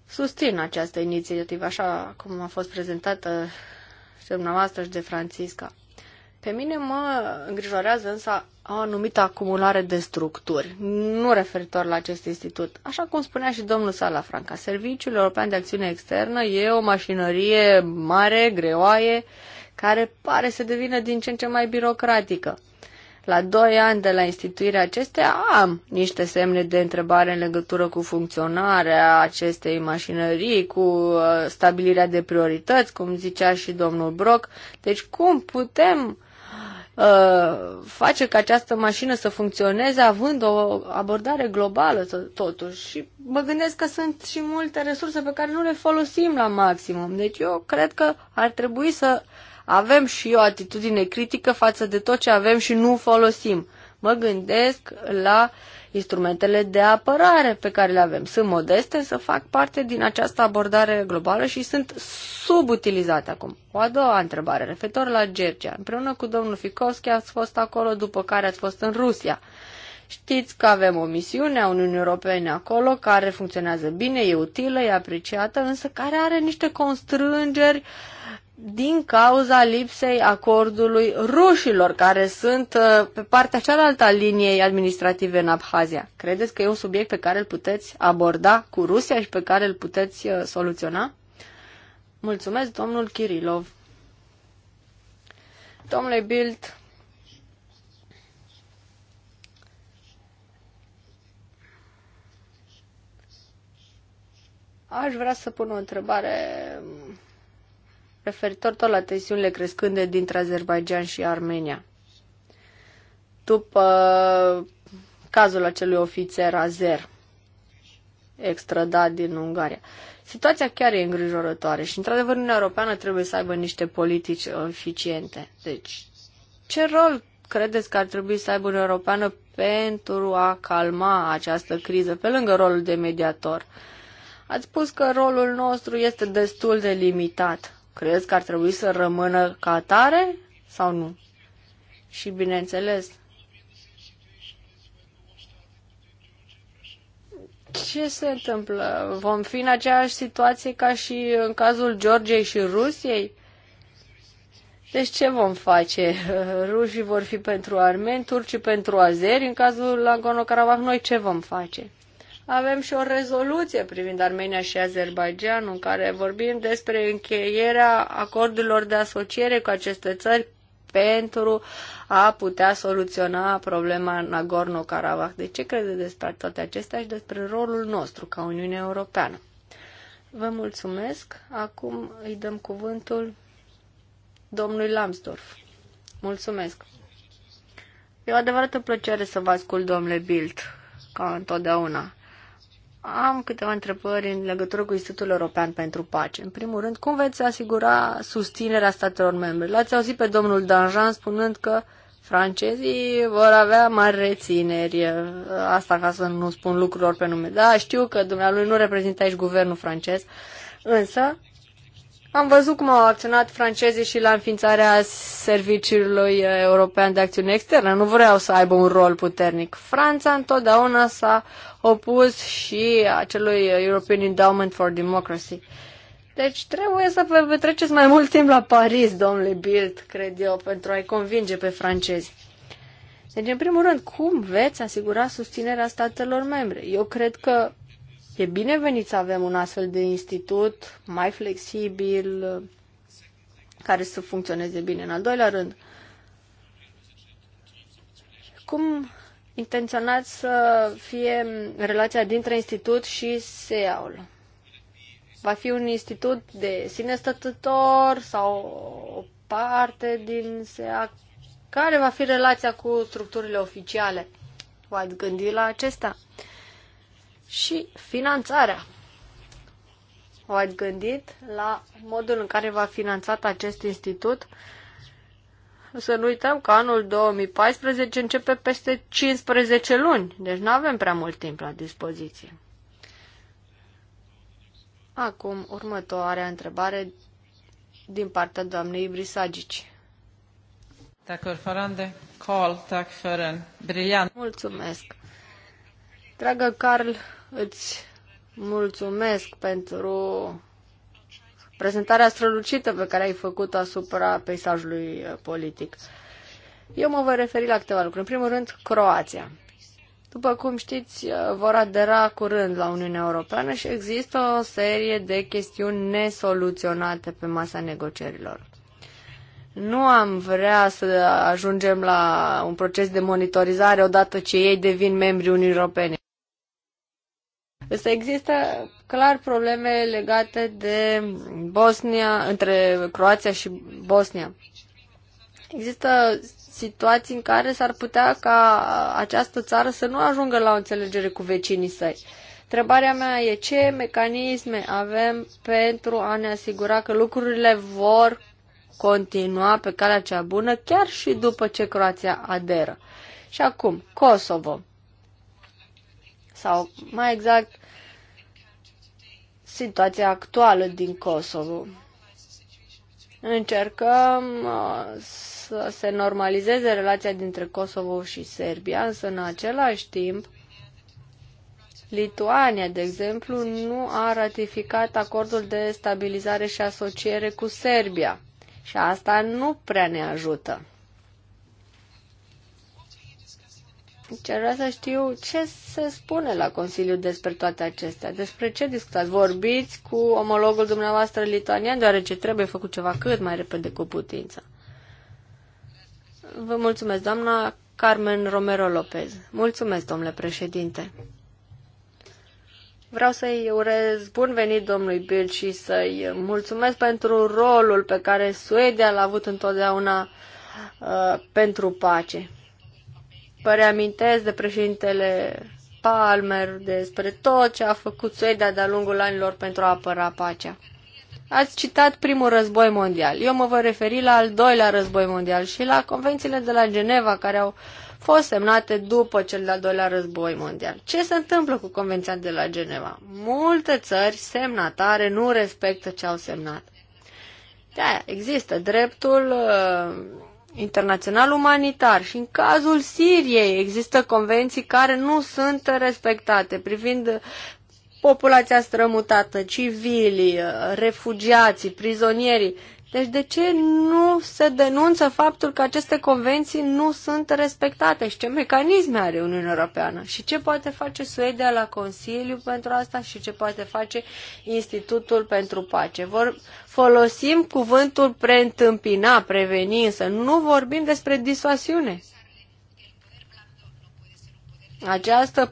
Susțin această inițiativă, așa cum a fost prezentată și dumneavoastră și de Francisca. Pe mine mă îngrijorează însă o anumită acumulare de structuri, nu referitor la acest institut. Așa cum spunea și domnul Sala Franca, Serviciul European de Acțiune Externă e o mașinărie mare, greoaie, care pare să devină din ce în ce mai birocratică. La doi ani de la instituirea acestea am niște semne de întrebare în legătură cu funcționarea acestei mașinării, cu uh, stabilirea de priorități, cum zicea și domnul Brock. Deci cum putem uh, face ca această mașină să funcționeze având o abordare globală totuși. Și mă gândesc că sunt și multe resurse pe care nu le folosim la maximum. Deci eu cred că ar trebui să avem și o atitudine critică față de tot ce avem și nu folosim. Mă gândesc la instrumentele de apărare pe care le avem. Sunt modeste, să fac parte din această abordare globală și sunt subutilizate acum. O a doua întrebare, referitor la Georgia. Împreună cu domnul Ficovski ați fost acolo, după care ați fost în Rusia. Știți că avem o misiune a Uniunii Europene acolo care funcționează bine, e utilă, e apreciată, însă care are niște constrângeri uh, din cauza lipsei acordului rușilor care sunt uh, pe partea cealaltă a liniei administrative în Abhazia. Credeți că e un subiect pe care îl puteți aborda cu Rusia și pe care îl puteți uh, soluționa? Mulțumesc, domnul Kirilov. Domnule Bild, aș vrea să pun o întrebare referitor tot la tensiunile crescânde dintre Azerbaijan și Armenia. După cazul acelui ofițer azer extradat din Ungaria. Situația chiar e îngrijorătoare și, într-adevăr, Uniunea Europeană trebuie să aibă niște politici eficiente. Deci, ce rol credeți că ar trebui să aibă Uniunea Europeană pentru a calma această criză, pe lângă rolul de mediator? Ați spus că rolul nostru este destul de limitat. Crezi că ar trebui să rămână ca atare sau nu? Și bineînțeles, ce se întâmplă? Vom fi în aceeași situație ca și în cazul Georgiei și Rusiei? Deci ce vom face? Rușii vor fi pentru armeni, turcii pentru azeri. În cazul lagono karabakh noi ce vom face? avem și o rezoluție privind Armenia și Azerbaijan, în care vorbim despre încheierea acordurilor de asociere cu aceste țări pentru a putea soluționa problema Nagorno-Karabakh. De ce crede despre toate acestea și despre rolul nostru ca Uniune Europeană? Vă mulțumesc. Acum îi dăm cuvântul domnului Lambsdorff. Mulțumesc. E o adevărată plăcere să vă ascult, domnule Bilt, ca întotdeauna. Am câteva întrebări în legătură cu Institutul European pentru Pace. În primul rând, cum veți asigura susținerea statelor membre? L-ați auzit pe domnul Danjan spunând că francezii vor avea mari rețineri. Asta ca să nu spun lucrurilor pe nume. Da, știu că dumnealui nu reprezintă aici guvernul francez, însă am văzut cum au acționat francezii și la înființarea Serviciului European de Acțiune Externă. Nu vreau să aibă un rol puternic. Franța întotdeauna s-a opus și acelui European Endowment for Democracy. Deci trebuie să vă petreceți mai mult timp la Paris, domnule Bild, cred eu, pentru a-i convinge pe francezi. Deci, în primul rând, cum veți asigura susținerea statelor membre? Eu cred că e binevenit să avem un astfel de institut mai flexibil, care să funcționeze bine. În al doilea rând, cum intenționat să fie relația dintre institut și SEAUL? Va fi un institut de sine stătător sau o parte din SEAC? Care va fi relația cu structurile oficiale? V-ați gândit la acesta? Și finanțarea. V-ați gândit la modul în care va finanțat acest institut? să nu uităm că anul 2014 începe peste 15 luni, deci nu avem prea mult timp la dispoziție. Acum, următoarea întrebare din partea doamnei Brisagici. Mulțumesc. Dragă Carl, îți mulțumesc pentru prezentarea strălucită pe care ai făcut-o asupra peisajului uh, politic. Eu mă voi referi la câteva lucruri. În primul rând, Croația. După cum știți, uh, vor adera curând la Uniunea Europeană și există o serie de chestiuni nesoluționate pe masa negocierilor. Nu am vrea să ajungem la un proces de monitorizare odată ce ei devin membri Uniunii Europene. Însă există clar probleme legate de Bosnia, între Croația și Bosnia. Există situații în care s-ar putea ca această țară să nu ajungă la o înțelegere cu vecinii săi. Întrebarea mea e ce mecanisme avem pentru a ne asigura că lucrurile vor continua pe calea cea bună chiar și după ce Croația aderă. Și acum, Kosovo sau mai exact situația actuală din Kosovo. Încercăm uh, să se normalizeze relația dintre Kosovo și Serbia, însă în același timp Lituania, de exemplu, nu a ratificat acordul de stabilizare și asociere cu Serbia. Și asta nu prea ne ajută. Deci vreau să știu ce se spune la Consiliu despre toate acestea. Despre ce discutați? Vorbiți cu omologul dumneavoastră lituanian, deoarece trebuie făcut ceva cât mai repede cu putință. Vă mulțumesc, doamna Carmen Romero Lopez. Mulțumesc, domnule președinte. Vreau să-i urez bun venit domnului Bill și să-i mulțumesc pentru rolul pe care Suedia l-a avut întotdeauna uh, pentru pace. Vă reamintesc de președintele Palmer despre tot ce a făcut Suedia de-a lungul anilor pentru a apăra pacea. Ați citat primul război mondial. Eu mă voi referi la al doilea război mondial și la convențiile de la Geneva care au fost semnate după cel de-al doilea război mondial. Ce se întâmplă cu convenția de la Geneva? Multe țări semnatare nu respectă ce au semnat. Da, există dreptul uh, internațional umanitar și în cazul Siriei există convenții care nu sunt respectate privind populația strămutată, civilii, refugiații, prizonierii. Deci de ce nu se denunță faptul că aceste convenții nu sunt respectate și ce mecanisme are Uniunea Europeană și ce poate face Suedia la Consiliu pentru asta și ce poate face Institutul pentru Pace? Vor, folosim cuvântul preîntâmpina, preveni, însă nu vorbim despre disuasiune. Această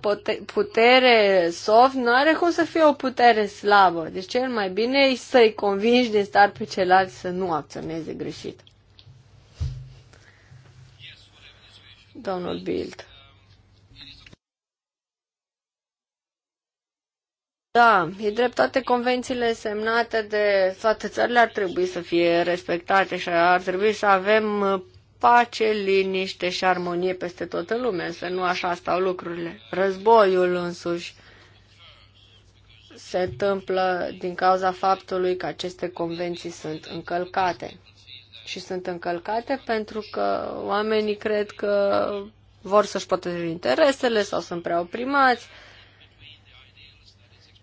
putere soft nu are cum să fie o putere slabă. Deci cel mai bine e să-i convingi din start pe ceilalți să nu acționeze greșit. Domnul Bild. Da, e drept, toate convențiile semnate de toate țările ar trebui să fie respectate și ar trebui să avem uh, pace, liniște și armonie peste toată lumea, să nu așa stau lucrurile. Războiul însuși se întâmplă din cauza faptului că aceste convenții sunt încălcate. Și sunt încălcate pentru că oamenii cred că vor să-și potrivim interesele sau sunt prea oprimați, uh,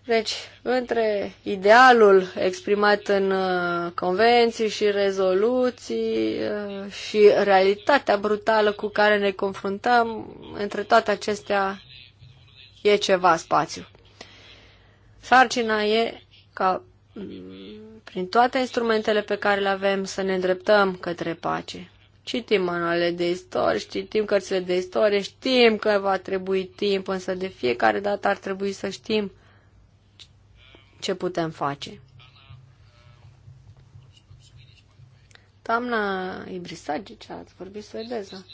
deci, între idealul exprimat în uh, convenții și rezoluții uh, și realitatea brutală cu care ne confruntăm, între toate acestea e ceva spațiu. Sarcina e ca mm, prin toate instrumentele pe care le avem să ne îndreptăm către pace. Citim manualele de istorie, citim cărțile de istorie, știm că va trebui timp, însă de fiecare dată ar trebui să știm ce putem face. Doamna ce ați vorbit suedeză.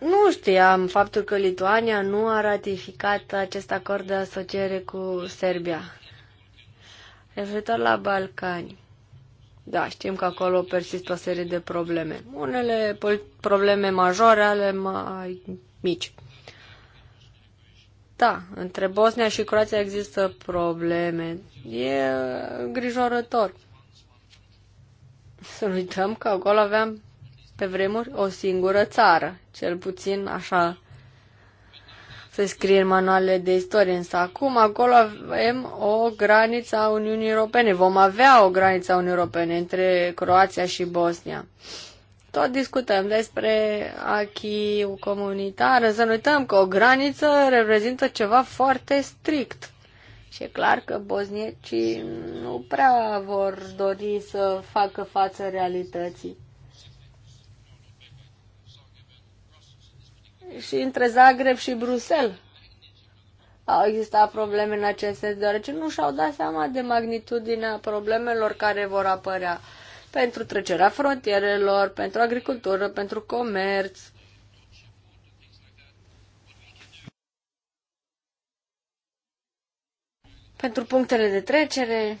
Nu știam faptul că Lituania nu a ratificat acest acord de asociere cu Serbia. Referitor la Balcani. Da, știm că acolo persistă o serie de probleme. Unele probleme majore, ale mai mici. Da, între Bosnia și Croația există probleme. E îngrijorător. Să nu uităm că acolo aveam pe vremuri o singură țară, cel puțin așa se scrie în manualele de istorie, însă acum acolo avem o graniță a Uniunii Europene. Vom avea o graniță a Uniunii Europene între Croația și Bosnia. Tot discutăm despre achiul comunitar, să nu uităm că o graniță reprezintă ceva foarte strict. Și e clar că bosniecii nu prea vor dori să facă față realității. Și între Zagreb și Bruxelles au existat probleme în acest sens, deoarece nu și-au dat seama de magnitudinea problemelor care vor apărea pentru trecerea frontierelor, pentru agricultură, pentru comerț. Pentru punctele de trecere,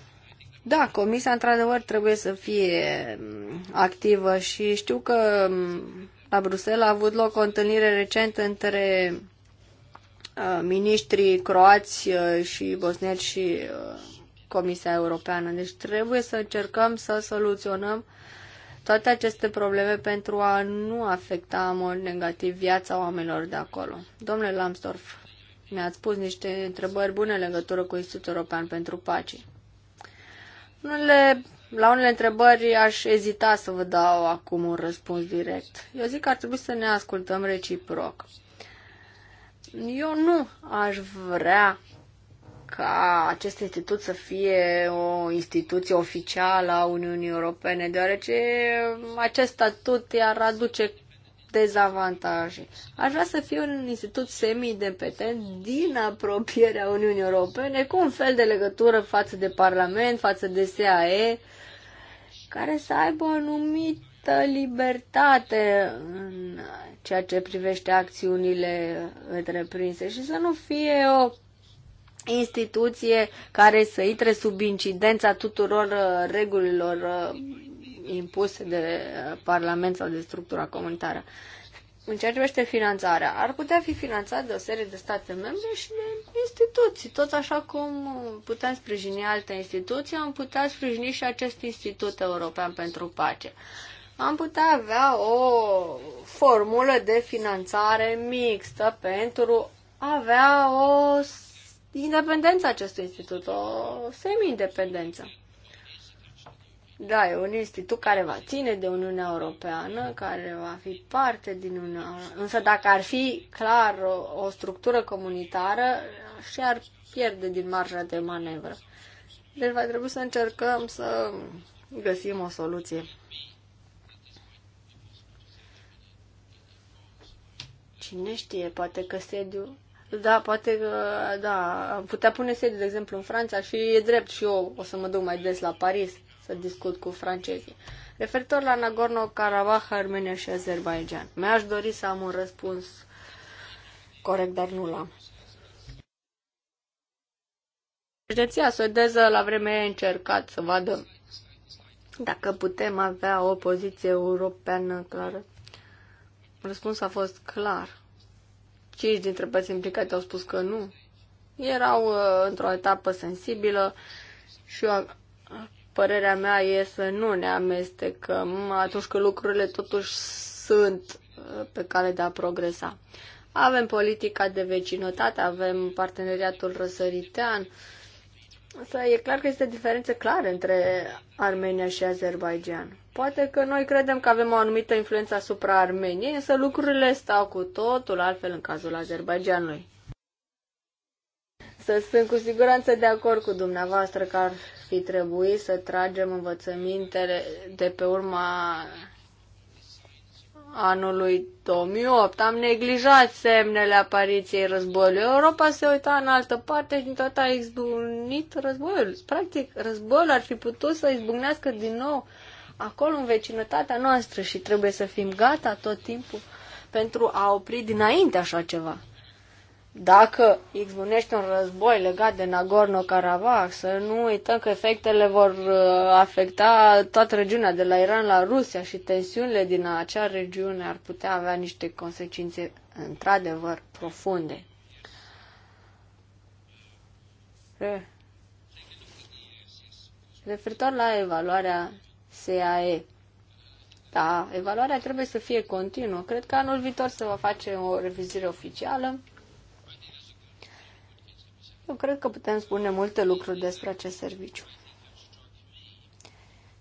da, comisia într-adevăr trebuie să fie mm, activă și știu că mm, la Bruxelles a avut loc o întâlnire recentă între uh, miniștrii croați uh, și bosneci și uh, Comisia Europeană. Deci trebuie să încercăm să soluționăm toate aceste probleme pentru a nu afecta în mod negativ viața oamenilor de acolo. Domnule Lambsdorff, mi-ați pus niște întrebări bune în legătură cu Institutul European pentru Pace. Unele, la unele întrebări aș ezita să vă dau acum un răspuns direct. Eu zic că ar trebui să ne ascultăm reciproc. Eu nu aș vrea ca acest institut să fie o instituție oficială a Uniunii Europene, deoarece acest statut i-ar aduce dezavantaje. Aș vrea să fie un institut semi-independent din apropierea Uniunii Europene, cu un fel de legătură față de Parlament, față de SAE, care să aibă o anumită libertate în ceea ce privește acțiunile întreprinse și să nu fie o instituție care să intre sub incidența tuturor uh, regulilor uh, impuse de uh, Parlament sau de structura comunitară. În ceea ce privește finanțarea, ar putea fi finanțat de o serie de state membre și de instituții. Tot așa cum putem sprijini alte instituții, am putea sprijini și acest Institut European pentru Pace. Am putea avea o formulă de finanțare mixtă pentru a avea o independența acestui institut, o semi-independență. Da, e un institut care va ține de Uniunea Europeană, care va fi parte din Uniunea Europeană. Însă dacă ar fi clar o, o structură comunitară, și ar pierde din marja de manevră. Deci va trebui să încercăm să găsim o soluție. Cine știe, poate că sediul da, poate că, da, am putea pune sediu, de exemplu, în Franța și e drept și eu o să mă duc mai des la Paris să discut cu francezii. Referitor la Nagorno-Karabakh, Armenia și Azerbaijan, mi-aș dori să am un răspuns corect, dar nu l-am. Președinția suedeză la vremea a încercat să vadă dacă putem avea o poziție europeană clară. Răspunsul a fost clar. Cinci dintre părți implicate au spus că nu. Erau uh, într-o etapă sensibilă și eu, părerea mea e să nu ne amestecăm atunci când lucrurile totuși sunt uh, pe cale de a progresa. Avem politica de vecinătate, avem parteneriatul răsăritean, însă e clar că este diferențe clare între Armenia și Azerbaijan. Poate că noi credem că avem o anumită influență asupra Armeniei, însă lucrurile stau cu totul altfel în cazul Azerbaijanului. Să sunt cu siguranță de acord cu dumneavoastră că ar fi trebuit să tragem învățămintele de pe urma anului 2008. Am neglijat semnele apariției războiului. Europa se uita în altă parte și din toată a izbunit războiul. Practic, războiul ar fi putut să izbucnească din nou acolo în vecinătatea noastră și trebuie să fim gata tot timpul pentru a opri dinainte așa ceva. Dacă izbunește un război legat de Nagorno-Karabakh, să nu uităm că efectele vor uh, afecta toată regiunea de la Iran la Rusia și tensiunile din acea regiune ar putea avea niște consecințe într-adevăr profunde. Referitor la evaluarea SAE. Da, evaluarea trebuie să fie continuă. Cred că anul viitor se va face o revizire oficială. Eu cred că putem spune multe lucruri despre acest serviciu.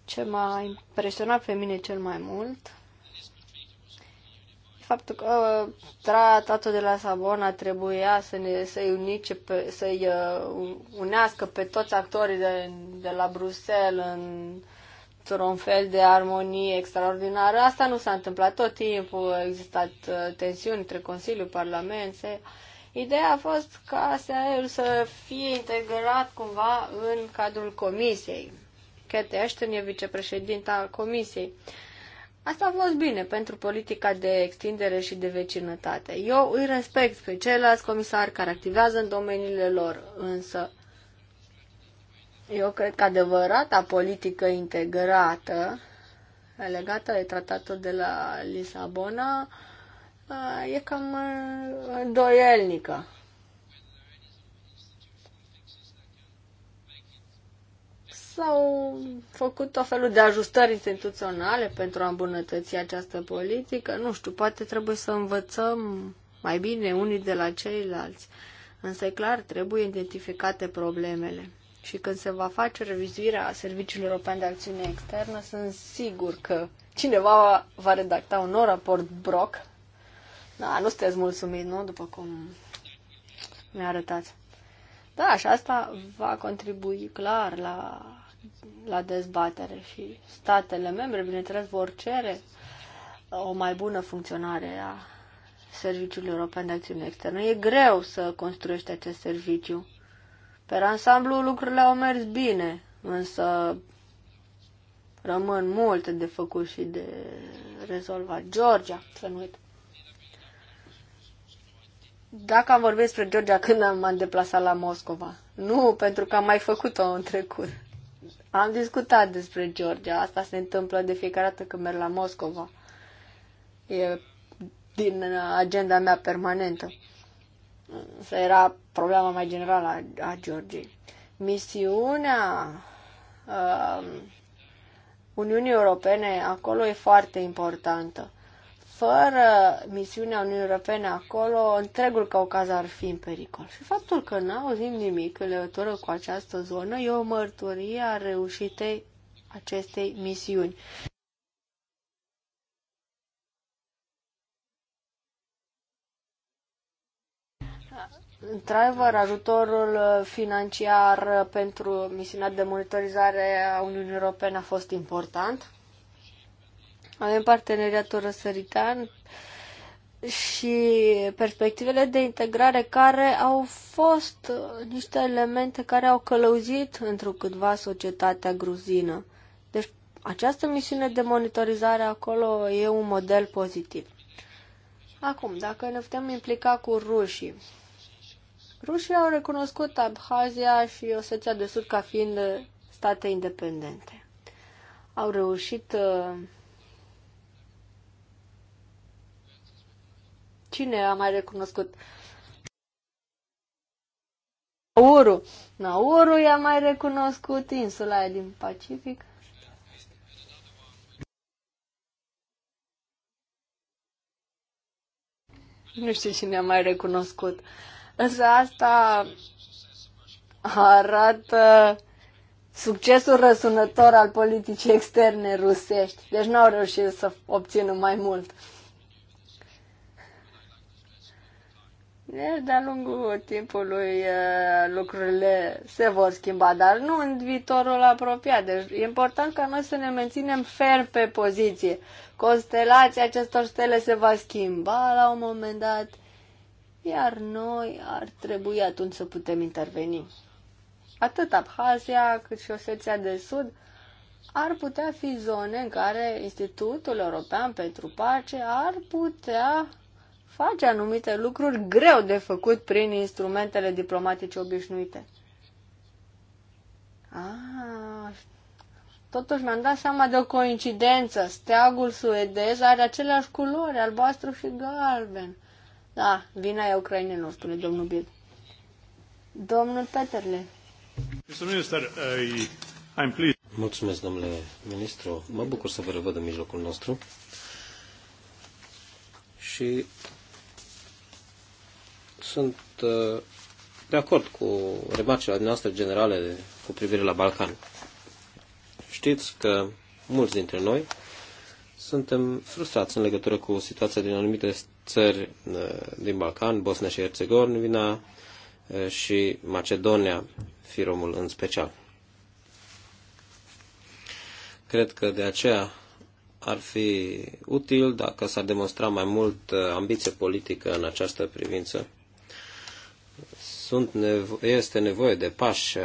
Ce m-a impresionat pe mine cel mai mult faptul că uh, tratatul de la Sabona trebuia să ne să unice pe, să-i uh, unească pe toți actorii de, de la Bruxelles în într-un fel de armonie extraordinară. Asta nu s-a întâmplat tot timpul, au existat uh, tensiuni între Consiliu, Parlament. Se... Ideea a fost ca SAE-ul să fie integrat cumva în cadrul Comisiei. Cate Ashton e vicepreședinta Comisiei. Asta a fost bine pentru politica de extindere și de vecinătate. Eu îi respect pe ceilalți comisari care activează în domeniile lor, însă eu cred că adevărata politică integrată legată de tratatul de la Lisabona e cam îndoielnică. s-au făcut o felul de ajustări instituționale pentru a îmbunătăți această politică. Nu știu, poate trebuie să învățăm mai bine unii de la ceilalți. Însă, clar, trebuie identificate problemele și când se va face revizuirea Serviciului European de Acțiune Externă, sunt sigur că cineva va redacta un nou raport Brock. Da, nu sunteți mulțumit, nu? După cum mi-a arătat. Da, și asta va contribui clar la, la dezbatere și statele membre, bineînțeles, vor cere o mai bună funcționare a Serviciului European de Acțiune Externă. E greu să construiești acest serviciu pe ansamblu lucrurile au mers bine, însă rămân multe de făcut și de rezolvat. Georgia, să nu uit. Dacă am vorbit despre Georgia când am, m-am deplasat la Moscova, nu pentru că am mai făcut-o în trecut. Am discutat despre Georgia, asta se întâmplă de fiecare dată când merg la Moscova. E din agenda mea permanentă. Asta era problema mai generală a, a Georgiei. Misiunea uh, Uniunii Europene acolo e foarte importantă. Fără misiunea Uniunii Europene acolo, întregul Caucaz ar fi în pericol. Și faptul că n-auzim nimic în legătură cu această zonă e o mărturie a reușitei acestei misiuni. Într-adevăr, ajutorul financiar pentru misiunea de monitorizare a Uniunii Europene a fost important. Avem parteneriatul răsăritan și perspectivele de integrare care au fost niște elemente care au călăuzit într-o câtva societatea gruzină. Deci această misiune de monitorizare acolo e un model pozitiv. Acum, dacă ne putem implica cu rușii, Rușii au recunoscut Abhazia și Osetia de Sud ca fiind state independente. Au reușit uh, Cine a mai recunoscut? Nauru. Nauru i-a mai recunoscut insula aia din Pacific. Nu știu cine a mai recunoscut. Uh, Însă asta arată succesul răsunător al politicii externe rusești. Deci nu au reușit să obțină mai mult. Deci, de-a lungul timpului uh, lucrurile se vor schimba, dar nu în viitorul apropiat. Deci e important ca noi să ne menținem ferm pe poziție. Constelația acestor stele se va schimba la un moment dat iar noi ar trebui atunci să putem interveni. Atât Abhazia cât și Oseția de Sud ar putea fi zone în care Institutul European pentru Pace ar putea face anumite lucruri greu de făcut prin instrumentele diplomatice obișnuite. Ah, totuși mi-am dat seama de o coincidență. Steagul suedez are aceleași culori, albastru și galben. Da, vina e ucrainenilor, spune domnul Bill. Domnul Peterle. Minister, I, I'm pleased. Mulțumesc, domnule ministru. Mă bucur să vă revăd în mijlocul nostru. Și sunt uh, de acord cu remarcile noastre generale cu privire la Balcan. Știți că mulți dintre noi suntem frustrați în legătură cu situația din anumite țări uh, din Balcan, Bosnia și Herțegovina uh, și Macedonia, Firomul în special. Cred că de aceea ar fi util dacă s-ar demonstra mai mult uh, ambiție politică în această privință. Sunt nevo- este nevoie de pași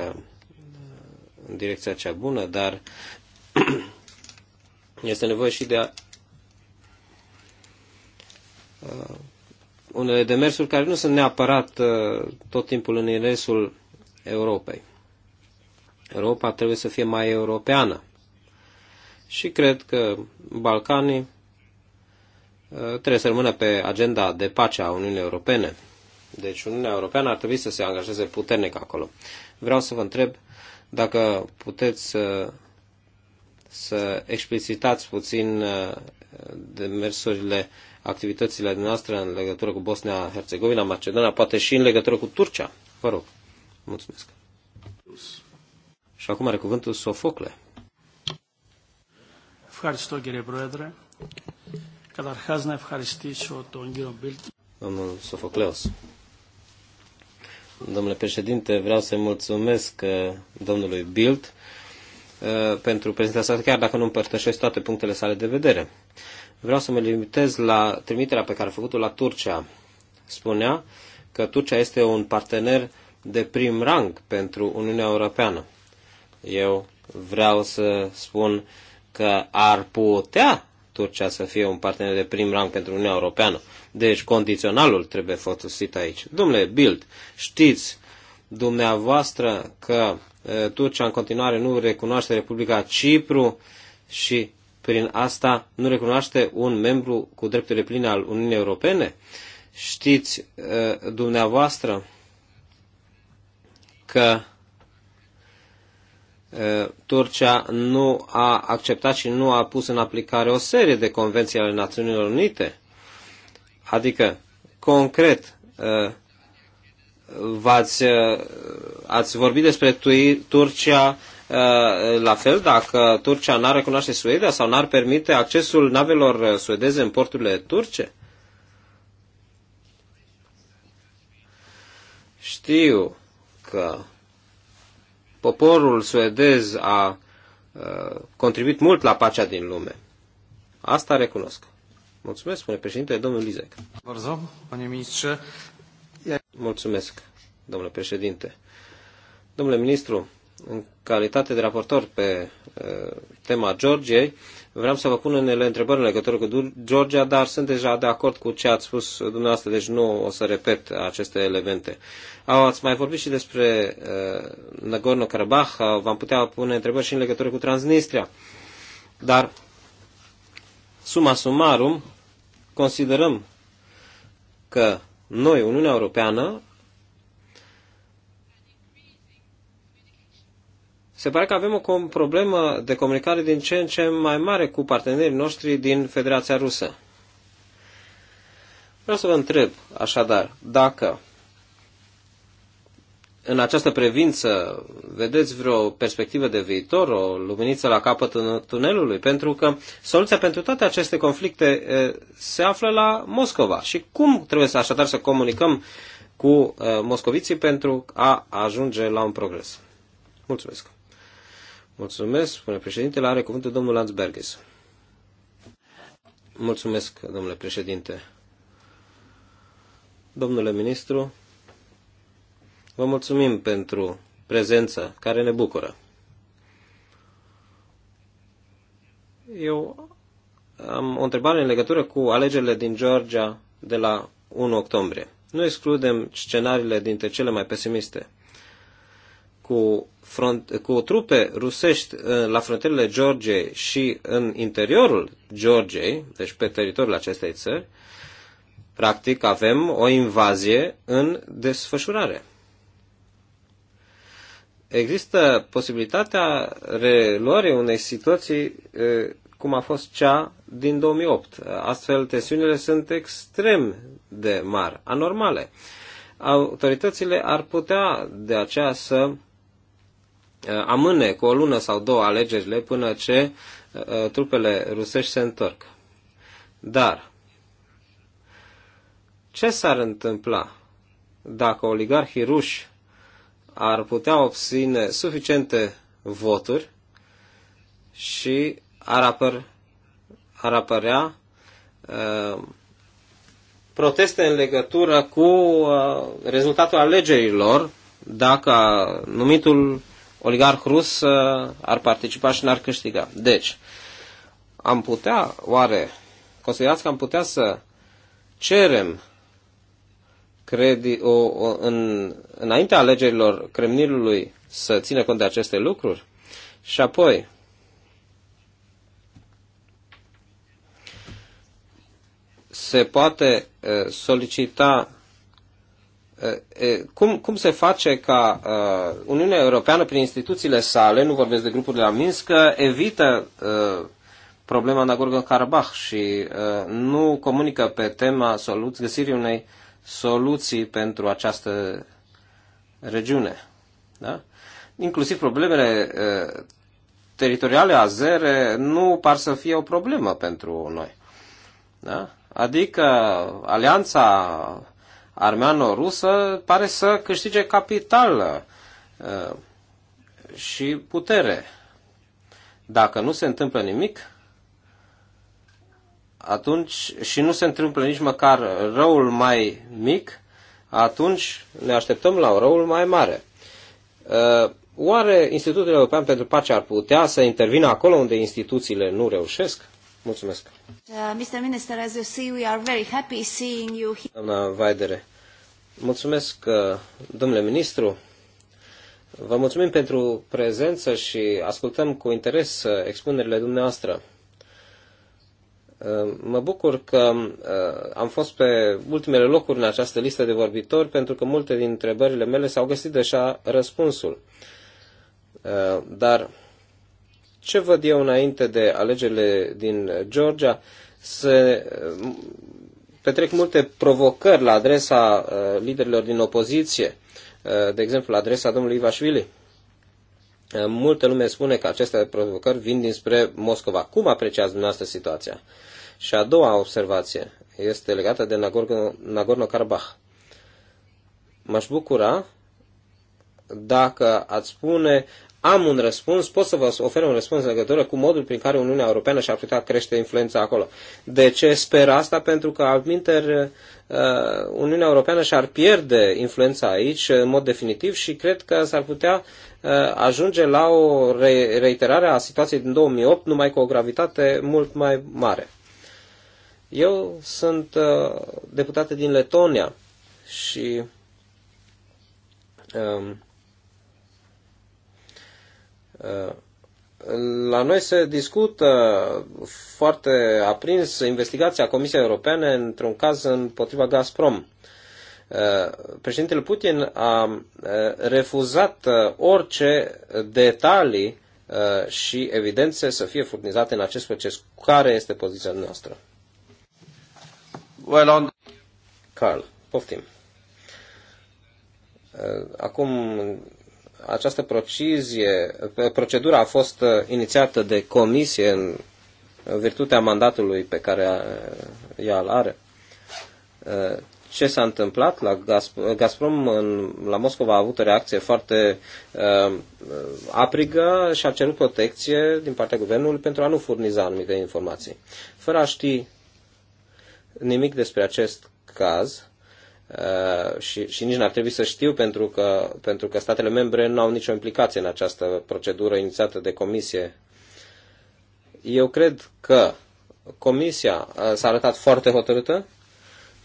în direcția cea bună, dar este nevoie și de Uh, unele demersuri care nu sunt neapărat uh, tot timpul în interesul Europei. Europa trebuie să fie mai europeană. Și cred că Balcanii uh, trebuie să rămână pe agenda de pace a Uniunii Europene. Deci Uniunea Europeană ar trebui să se angajeze puternic acolo. Vreau să vă întreb dacă puteți să, să explicitați puțin demersurile activitățile noastre în legătură cu Bosnia-Herzegovina, Macedonia, poate și în legătură cu Turcia. Vă rog. Mulțumesc. Și acum are cuvântul Sofocle. Domnul Sofocleos. Domnule președinte, vreau să-i mulțumesc uh, domnului Bild uh, pentru prezentarea sa, chiar dacă nu împărtășesc toate punctele sale de vedere. Vreau să mă limitez la trimiterea pe care a făcut-o la Turcia. Spunea că Turcia este un partener de prim rang pentru Uniunea Europeană. Eu vreau să spun că ar putea Turcia să fie un partener de prim rang pentru Uniunea Europeană. Deci condiționalul trebuie folosit aici. Domnule Bild, știți dumneavoastră că Turcia în continuare nu recunoaște Republica Cipru și prin asta nu recunoaște un membru cu drepturile pline al Uniunii Europene? Știți uh, dumneavoastră că uh, Turcia nu a acceptat și nu a pus în aplicare o serie de convenții ale Națiunilor Unite. Adică, concret, uh, v-ați, ați vorbit despre Turcia Uh, la fel, dacă Turcia n-ar recunoaște Suedia sau n-ar permite accesul navelor uh, suedeze în porturile turce? Știu că poporul suedez a uh, contribuit mult la pacea din lume. Asta recunosc. Mulțumesc, spune președinte, domnul Lizek. Mulțumesc, domnule președinte. Domnule ministru, în calitate de raportor pe tema Georgiei, vreau să vă pun unele întrebări în legătură cu Georgia, dar sunt deja de acord cu ce ați spus dumneavoastră, deci nu o să repet aceste elemente. Ați mai vorbit și despre uh, Nagorno-Karabakh, v-am putea pune întrebări și în legătură cu Transnistria, dar suma sumarum considerăm că noi, Uniunea Europeană, se pare că avem o problemă de comunicare din ce în ce mai mare cu partenerii noștri din Federația Rusă. Vreau să vă întreb, așadar, dacă în această prevință vedeți vreo perspectivă de viitor, o luminiță la capătul tunelului, pentru că soluția pentru toate aceste conflicte se află la Moscova. Și cum trebuie să așadar să comunicăm cu moscoviții pentru a ajunge la un progres? Mulțumesc! Mulțumesc, spune președintele. Are cuvântul domnul Landsbergis. Mulțumesc, domnule președinte. Domnule ministru, vă mulțumim pentru prezența, care ne bucură. Eu am o întrebare în legătură cu alegerile din Georgia de la 1 octombrie. Nu excludem scenariile dintre cele mai pesimiste cu, front, cu trupe rusești uh, la frontierele Georgiei și în interiorul Georgiei, deci pe teritoriul acestei țări, practic avem o invazie în desfășurare. Există posibilitatea reluării unei situații uh, cum a fost cea din 2008. Astfel, tensiunile sunt extrem de mari, anormale autoritățile ar putea de aceea să Uh, amâne cu o lună sau două alegerile până ce uh, uh, trupele rusești se întorc. Dar ce s-ar întâmpla dacă oligarhii ruși ar putea obține suficiente voturi și ar, apăr, ar apărea uh, proteste în legătură cu uh, rezultatul alegerilor dacă numitul oligarh rus uh, ar participa și n-ar câștiga. Deci, am putea, oare, considerați că am putea să cerem credi, o, o, în, înaintea alegerilor Kremlinului să țină cont de aceste lucruri? Și apoi, se poate uh, solicita cum, cum se face ca uh, Uniunea Europeană, prin instituțiile sale, nu vorbesc de grupurile la Minsk, că evită uh, problema Nagorno-Karabakh și uh, nu comunică pe tema soluț- găsirii unei soluții pentru această regiune. Da? Inclusiv problemele uh, teritoriale azere nu par să fie o problemă pentru noi. Da? Adică alianța armeano-rusă pare să câștige capital uh, și putere. Dacă nu se întâmplă nimic, atunci și nu se întâmplă nici măcar răul mai mic, atunci ne așteptăm la răul mai mare. Uh, oare Institutul European pentru Pace ar putea să intervină acolo unde instituțiile nu reușesc? Mulțumesc. Uh, Mr. Minister, as you see, we are very happy seeing you here. Doamna Vaidere, mulțumesc, uh, domnule ministru. Vă mulțumim pentru prezență și ascultăm cu interes uh, expunerile dumneavoastră. Mă bucur că am fost pe ultimele locuri în această listă de vorbitori pentru că multe din întrebările mele s-au găsit deja răspunsul. Dar ce văd eu înainte de alegerile din Georgia, se petrec multe provocări la adresa uh, liderilor din opoziție, uh, de exemplu la adresa domnului Ivașvili. Uh, multă lume spune că aceste provocări vin dinspre Moscova. Cum apreciați dumneavoastră situația? Și a doua observație este legată de Nagorno-Karabakh. M-aș bucura dacă ați spune am un răspuns, pot să vă ofer un răspuns în legătură cu modul prin care Uniunea Europeană și-ar putea crește influența acolo. De ce sper asta? Pentru că, altminter, uh, Uniunea Europeană și-ar pierde influența aici în mod definitiv și cred că s-ar putea uh, ajunge la o reiterare a situației din 2008, numai cu o gravitate mult mai mare. Eu sunt uh, deputată din Letonia și um, la noi se discută foarte aprins investigația Comisiei Europene într-un caz împotriva Gazprom. Președintele Putin a refuzat orice detalii și evidențe să fie furnizate în acest proces. Care este poziția noastră? Well, on... Carl, poftim. Acum această procizie, procedura a fost uh, inițiată de comisie în virtutea mandatului pe care uh, ea îl are. Uh, ce s-a întâmplat? La Gazprom în, la Moscova a avut o reacție foarte uh, aprigă și a cerut protecție din partea guvernului pentru a nu furniza anumite informații. Fără a ști nimic despre acest caz, Uh, și, și nici n-ar trebui să știu pentru că, pentru că statele membre nu au nicio implicație în această procedură inițiată de comisie. Eu cred că comisia uh, s-a arătat foarte hotărâtă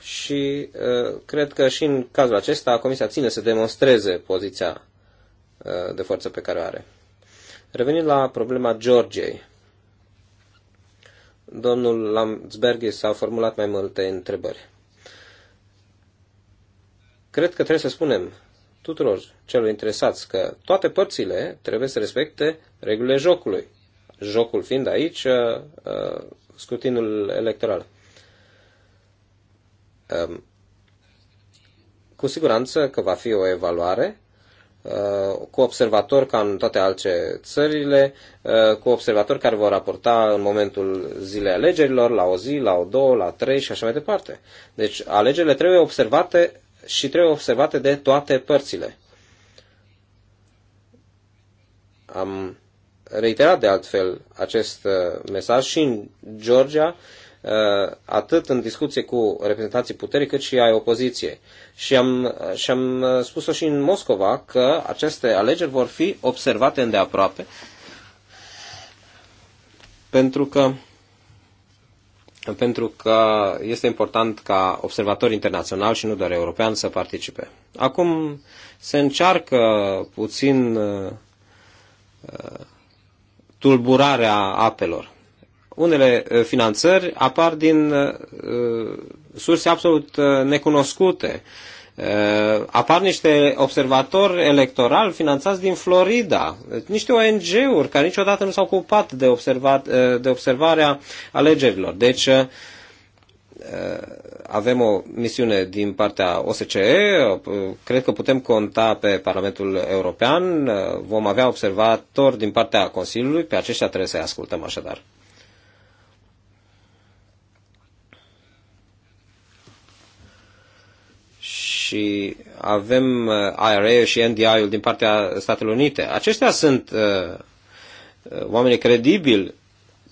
și uh, cred că și în cazul acesta comisia ține să demonstreze poziția de forță pe care o are. Revenind la problema Georgiei, domnul Lamsbergis a formulat mai multe întrebări. Cred că trebuie să spunem tuturor celor interesați că toate părțile trebuie să respecte regulile jocului. Jocul fiind aici uh, uh, scrutinul electoral. Um, cu siguranță că va fi o evaluare uh, cu observatori ca în toate alte țările, cu observatori care vor raporta în momentul zilei alegerilor, la o zi, la o două, la trei și așa mai departe. Deci alegerile trebuie observate și trebuie observate de toate părțile. Am reiterat de altfel acest uh, mesaj și în Georgia, uh, atât în discuție cu reprezentanții puterii, cât și ai opoziției. Și am, și am uh, spus-o și în Moscova că aceste alegeri vor fi observate îndeaproape, pentru că pentru că este important ca observatori internaționali și nu doar european să participe. Acum se încearcă puțin uh, uh, tulburarea apelor. Unele uh, finanțări apar din surse absolut necunoscute Eh, apar niște observatori electorali finanțați din Florida, deci, niște ONG-uri care niciodată nu s-au ocupat de, observa, eh, de observarea alegerilor. Deci eh, avem o misiune din partea OSCE, cred că putem conta pe Parlamentul European, vom avea observatori din partea Consiliului, pe aceștia trebuie să-i ascultăm așadar. și avem uh, ira și NDI-ul din partea Statelor Unite. Aceștia sunt uh, uh, oameni credibili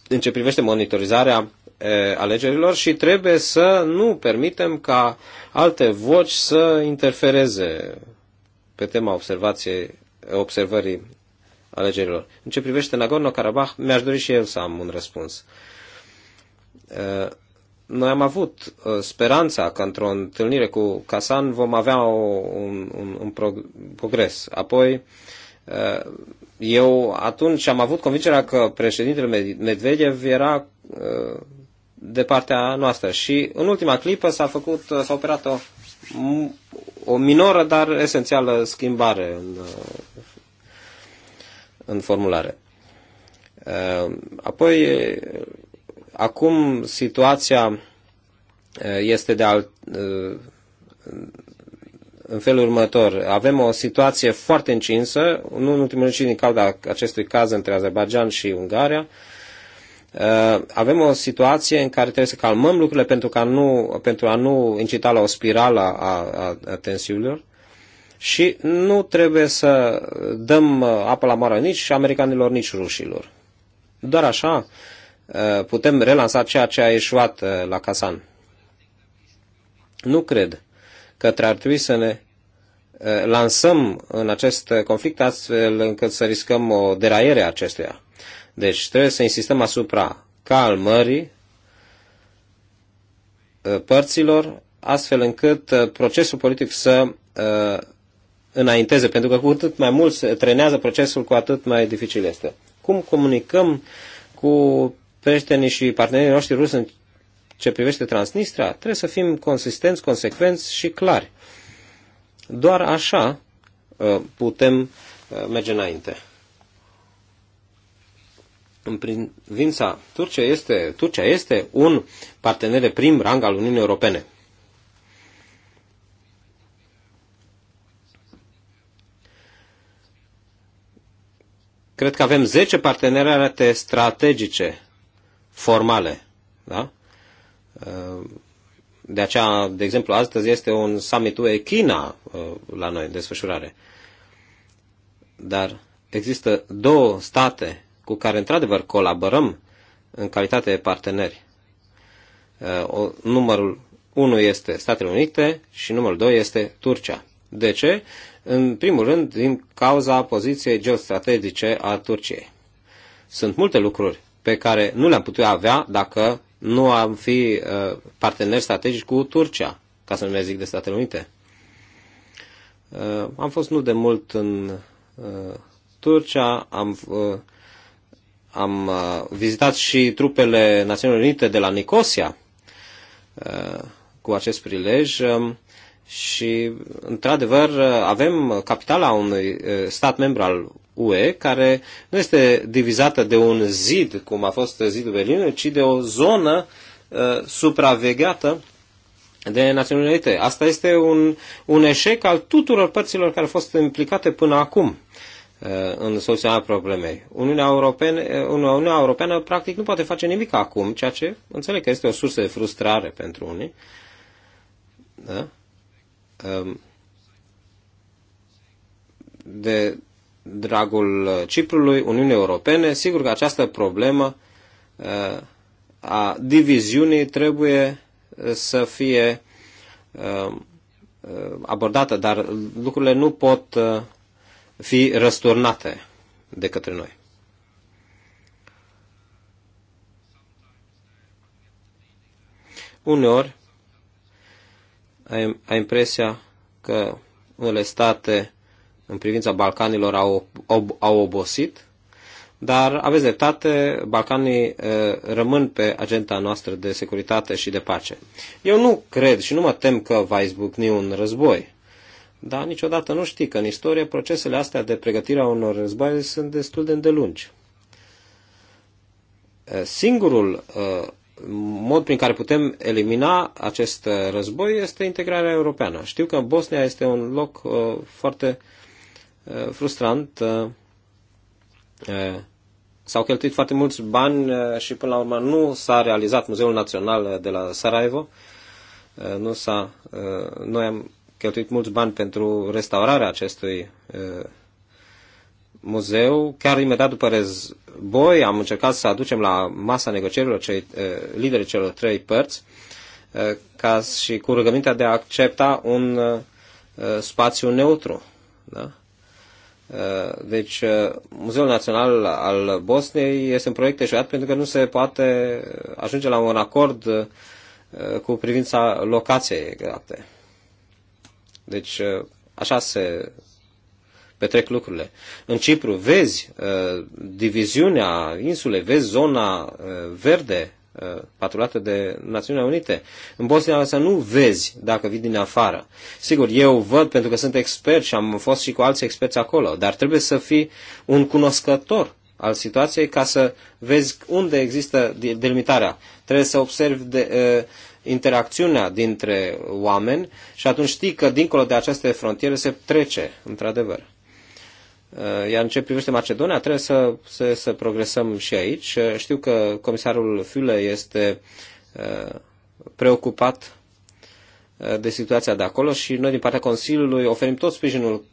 în ce privește monitorizarea alegerilor și trebuie să nu permitem ca alte voci să interfereze pe tema observației, observării alegerilor. În ce privește Nagorno-Karabakh, mi-aș dori și el să am un răspuns. Noi am avut uh, speranța că într-o întâlnire cu Casan vom avea o, un, un, un progres. Apoi, uh, eu atunci am avut convingerea că președintele Medvedev era uh, de partea noastră și în ultima clipă s-a făcut, s-a operat o, o minoră, dar esențială schimbare în, în formulare. Apoi, Acum situația este de alt, în felul următor. Avem o situație foarte încinsă, nu în ultimul rând și din cauza acestui caz între Azerbaijan și Ungaria. Avem o situație în care trebuie să calmăm lucrurile pentru, ca nu, pentru a nu incita la o spirală a, a, a tensiunilor și nu trebuie să dăm uh, apă la moară nici americanilor, nici rușilor. Doar așa Eh, putem relansa ceea ce a ieșuat eh, la Casan. Nu cred că ar trebui să ne eh, lansăm în acest conflict astfel încât să riscăm o deraiere a acestuia. Deci trebuie să insistăm asupra calmării părților, astfel încât procesul politic să înainteze, pentru că cu atât mai mult se trenează procesul, cu atât mai dificil este. Cum comunicăm cu prietenii și partenerii noștri rusi în ce privește Transnistria, trebuie să fim consistenți, consecvenți și clari. Doar așa uh, putem uh, merge înainte. În privința Turcia este, Turcia este un partener de prim rang al Uniunii Europene. Cred că avem 10 parteneriate strategice formale. Da? De aceea, de exemplu, astăzi este un summit UE-China uh, la noi în desfășurare. Dar există două state cu care, într-adevăr, colaborăm în calitate de parteneri. Uh, numărul 1 este Statele Unite și numărul 2 este Turcia. De ce? În primul rând, din cauza poziției geostrategice a Turciei. Sunt multe lucruri pe care nu le-am putea avea dacă nu am fi uh, parteneri strategici cu Turcia, ca să nu mai zic de Statele Unite. Uh, am fost nu de mult în uh, Turcia, am, am vizitat și trupele Națiunilor Unite de la Nicosia cu acest prilej um, și, într-adevăr, avem capitala unui stat membru al UE, care nu este divizată de un zid, cum a fost zidul Berlinului, ci de o zonă uh, supravegheată de Națiunile Unite. Asta este un, un eșec al tuturor părților care au fost implicate până acum uh, în soluționarea problemei. Uniunea Europeană, uh, Uniunea Europeană practic nu poate face nimic acum, ceea ce înțeleg că este o sursă de frustrare pentru unii. Da? Uh, de, dragul Ciprului, Uniunii Europene, sigur că această problemă uh, a diviziunii trebuie uh, să fie uh, abordată, dar lucrurile nu pot fi răsturnate de către noi. Uneori ai, impresia că unele state în privința Balcanilor au, ob, au obosit, dar aveți dreptate, Balcanii rămân pe agenda noastră de securitate și de pace. Eu nu cred și nu mă tem că va izbucni un război, dar niciodată nu știi că în istorie procesele astea de pregătire a unor războaie sunt destul de îndelungi. Singurul mod prin care putem elimina acest război este integrarea europeană. Știu că Bosnia este un loc foarte Eh, frustrant. Eh, eh, s-au cheltuit foarte mulți bani și până la urmă nu s-a realizat Muzeul Național de la Sarajevo. Nu s-a, noi am cheltuit mulți bani pentru restaurarea acestui muzeu. Chiar imediat după război am încercat să aducem la masa negocierilor cei, liderii celor trei părți ca și cu rugămintea de a accepta un spațiu neutru. Da? Uh, deci, uh, Muzeul Național al Bosniei este un proiect eșuat pentru că nu se poate uh, ajunge la un acord cu privința locației exacte. Deci, așa se petrec lucrurile. În Cipru vezi diviziunea insulei, vezi zona verde Uh, patrulată de Națiunea Unite. În Bosnia să nu vezi dacă vii din afară. Sigur, eu văd pentru că sunt expert și am fost și cu alți experți acolo, dar trebuie să fii un cunoscător al situației ca să vezi unde există delimitarea. Trebuie să observi de, uh, interacțiunea dintre oameni și atunci știi că dincolo de aceste frontiere se trece, într-adevăr. Uh, iar în ce privește Macedonia, trebuie să, să, să progresăm și aici. Uh, știu că comisarul Füle este uh, preocupat de situația de acolo și noi din partea Consiliului oferim tot sprijinul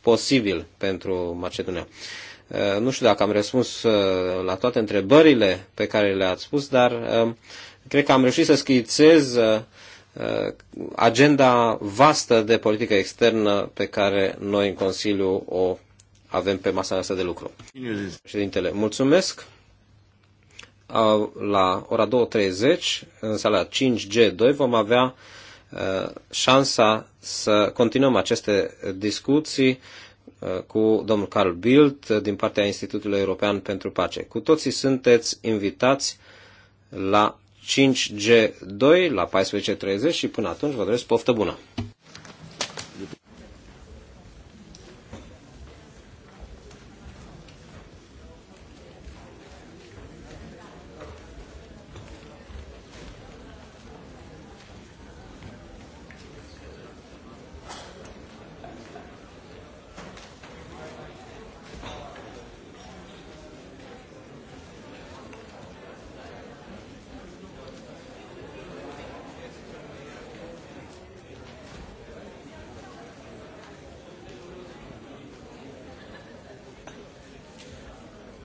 posibil pentru Macedonia. Nu știu dacă am răspuns la toate întrebările pe care le-ați spus, dar cred că am reușit să schițez Uh, agenda vastă de politică externă pe care noi în Consiliu o avem pe masa asta de lucru. Președintele, mulțumesc. La ora 2.30, în sala 5G2, vom avea uh, șansa să continuăm aceste discuții uh, cu domnul Carl Bild din partea Institutului European pentru Pace. Cu toții sunteți invitați la 5G2 la 14.30 și până atunci vă doresc poftă bună!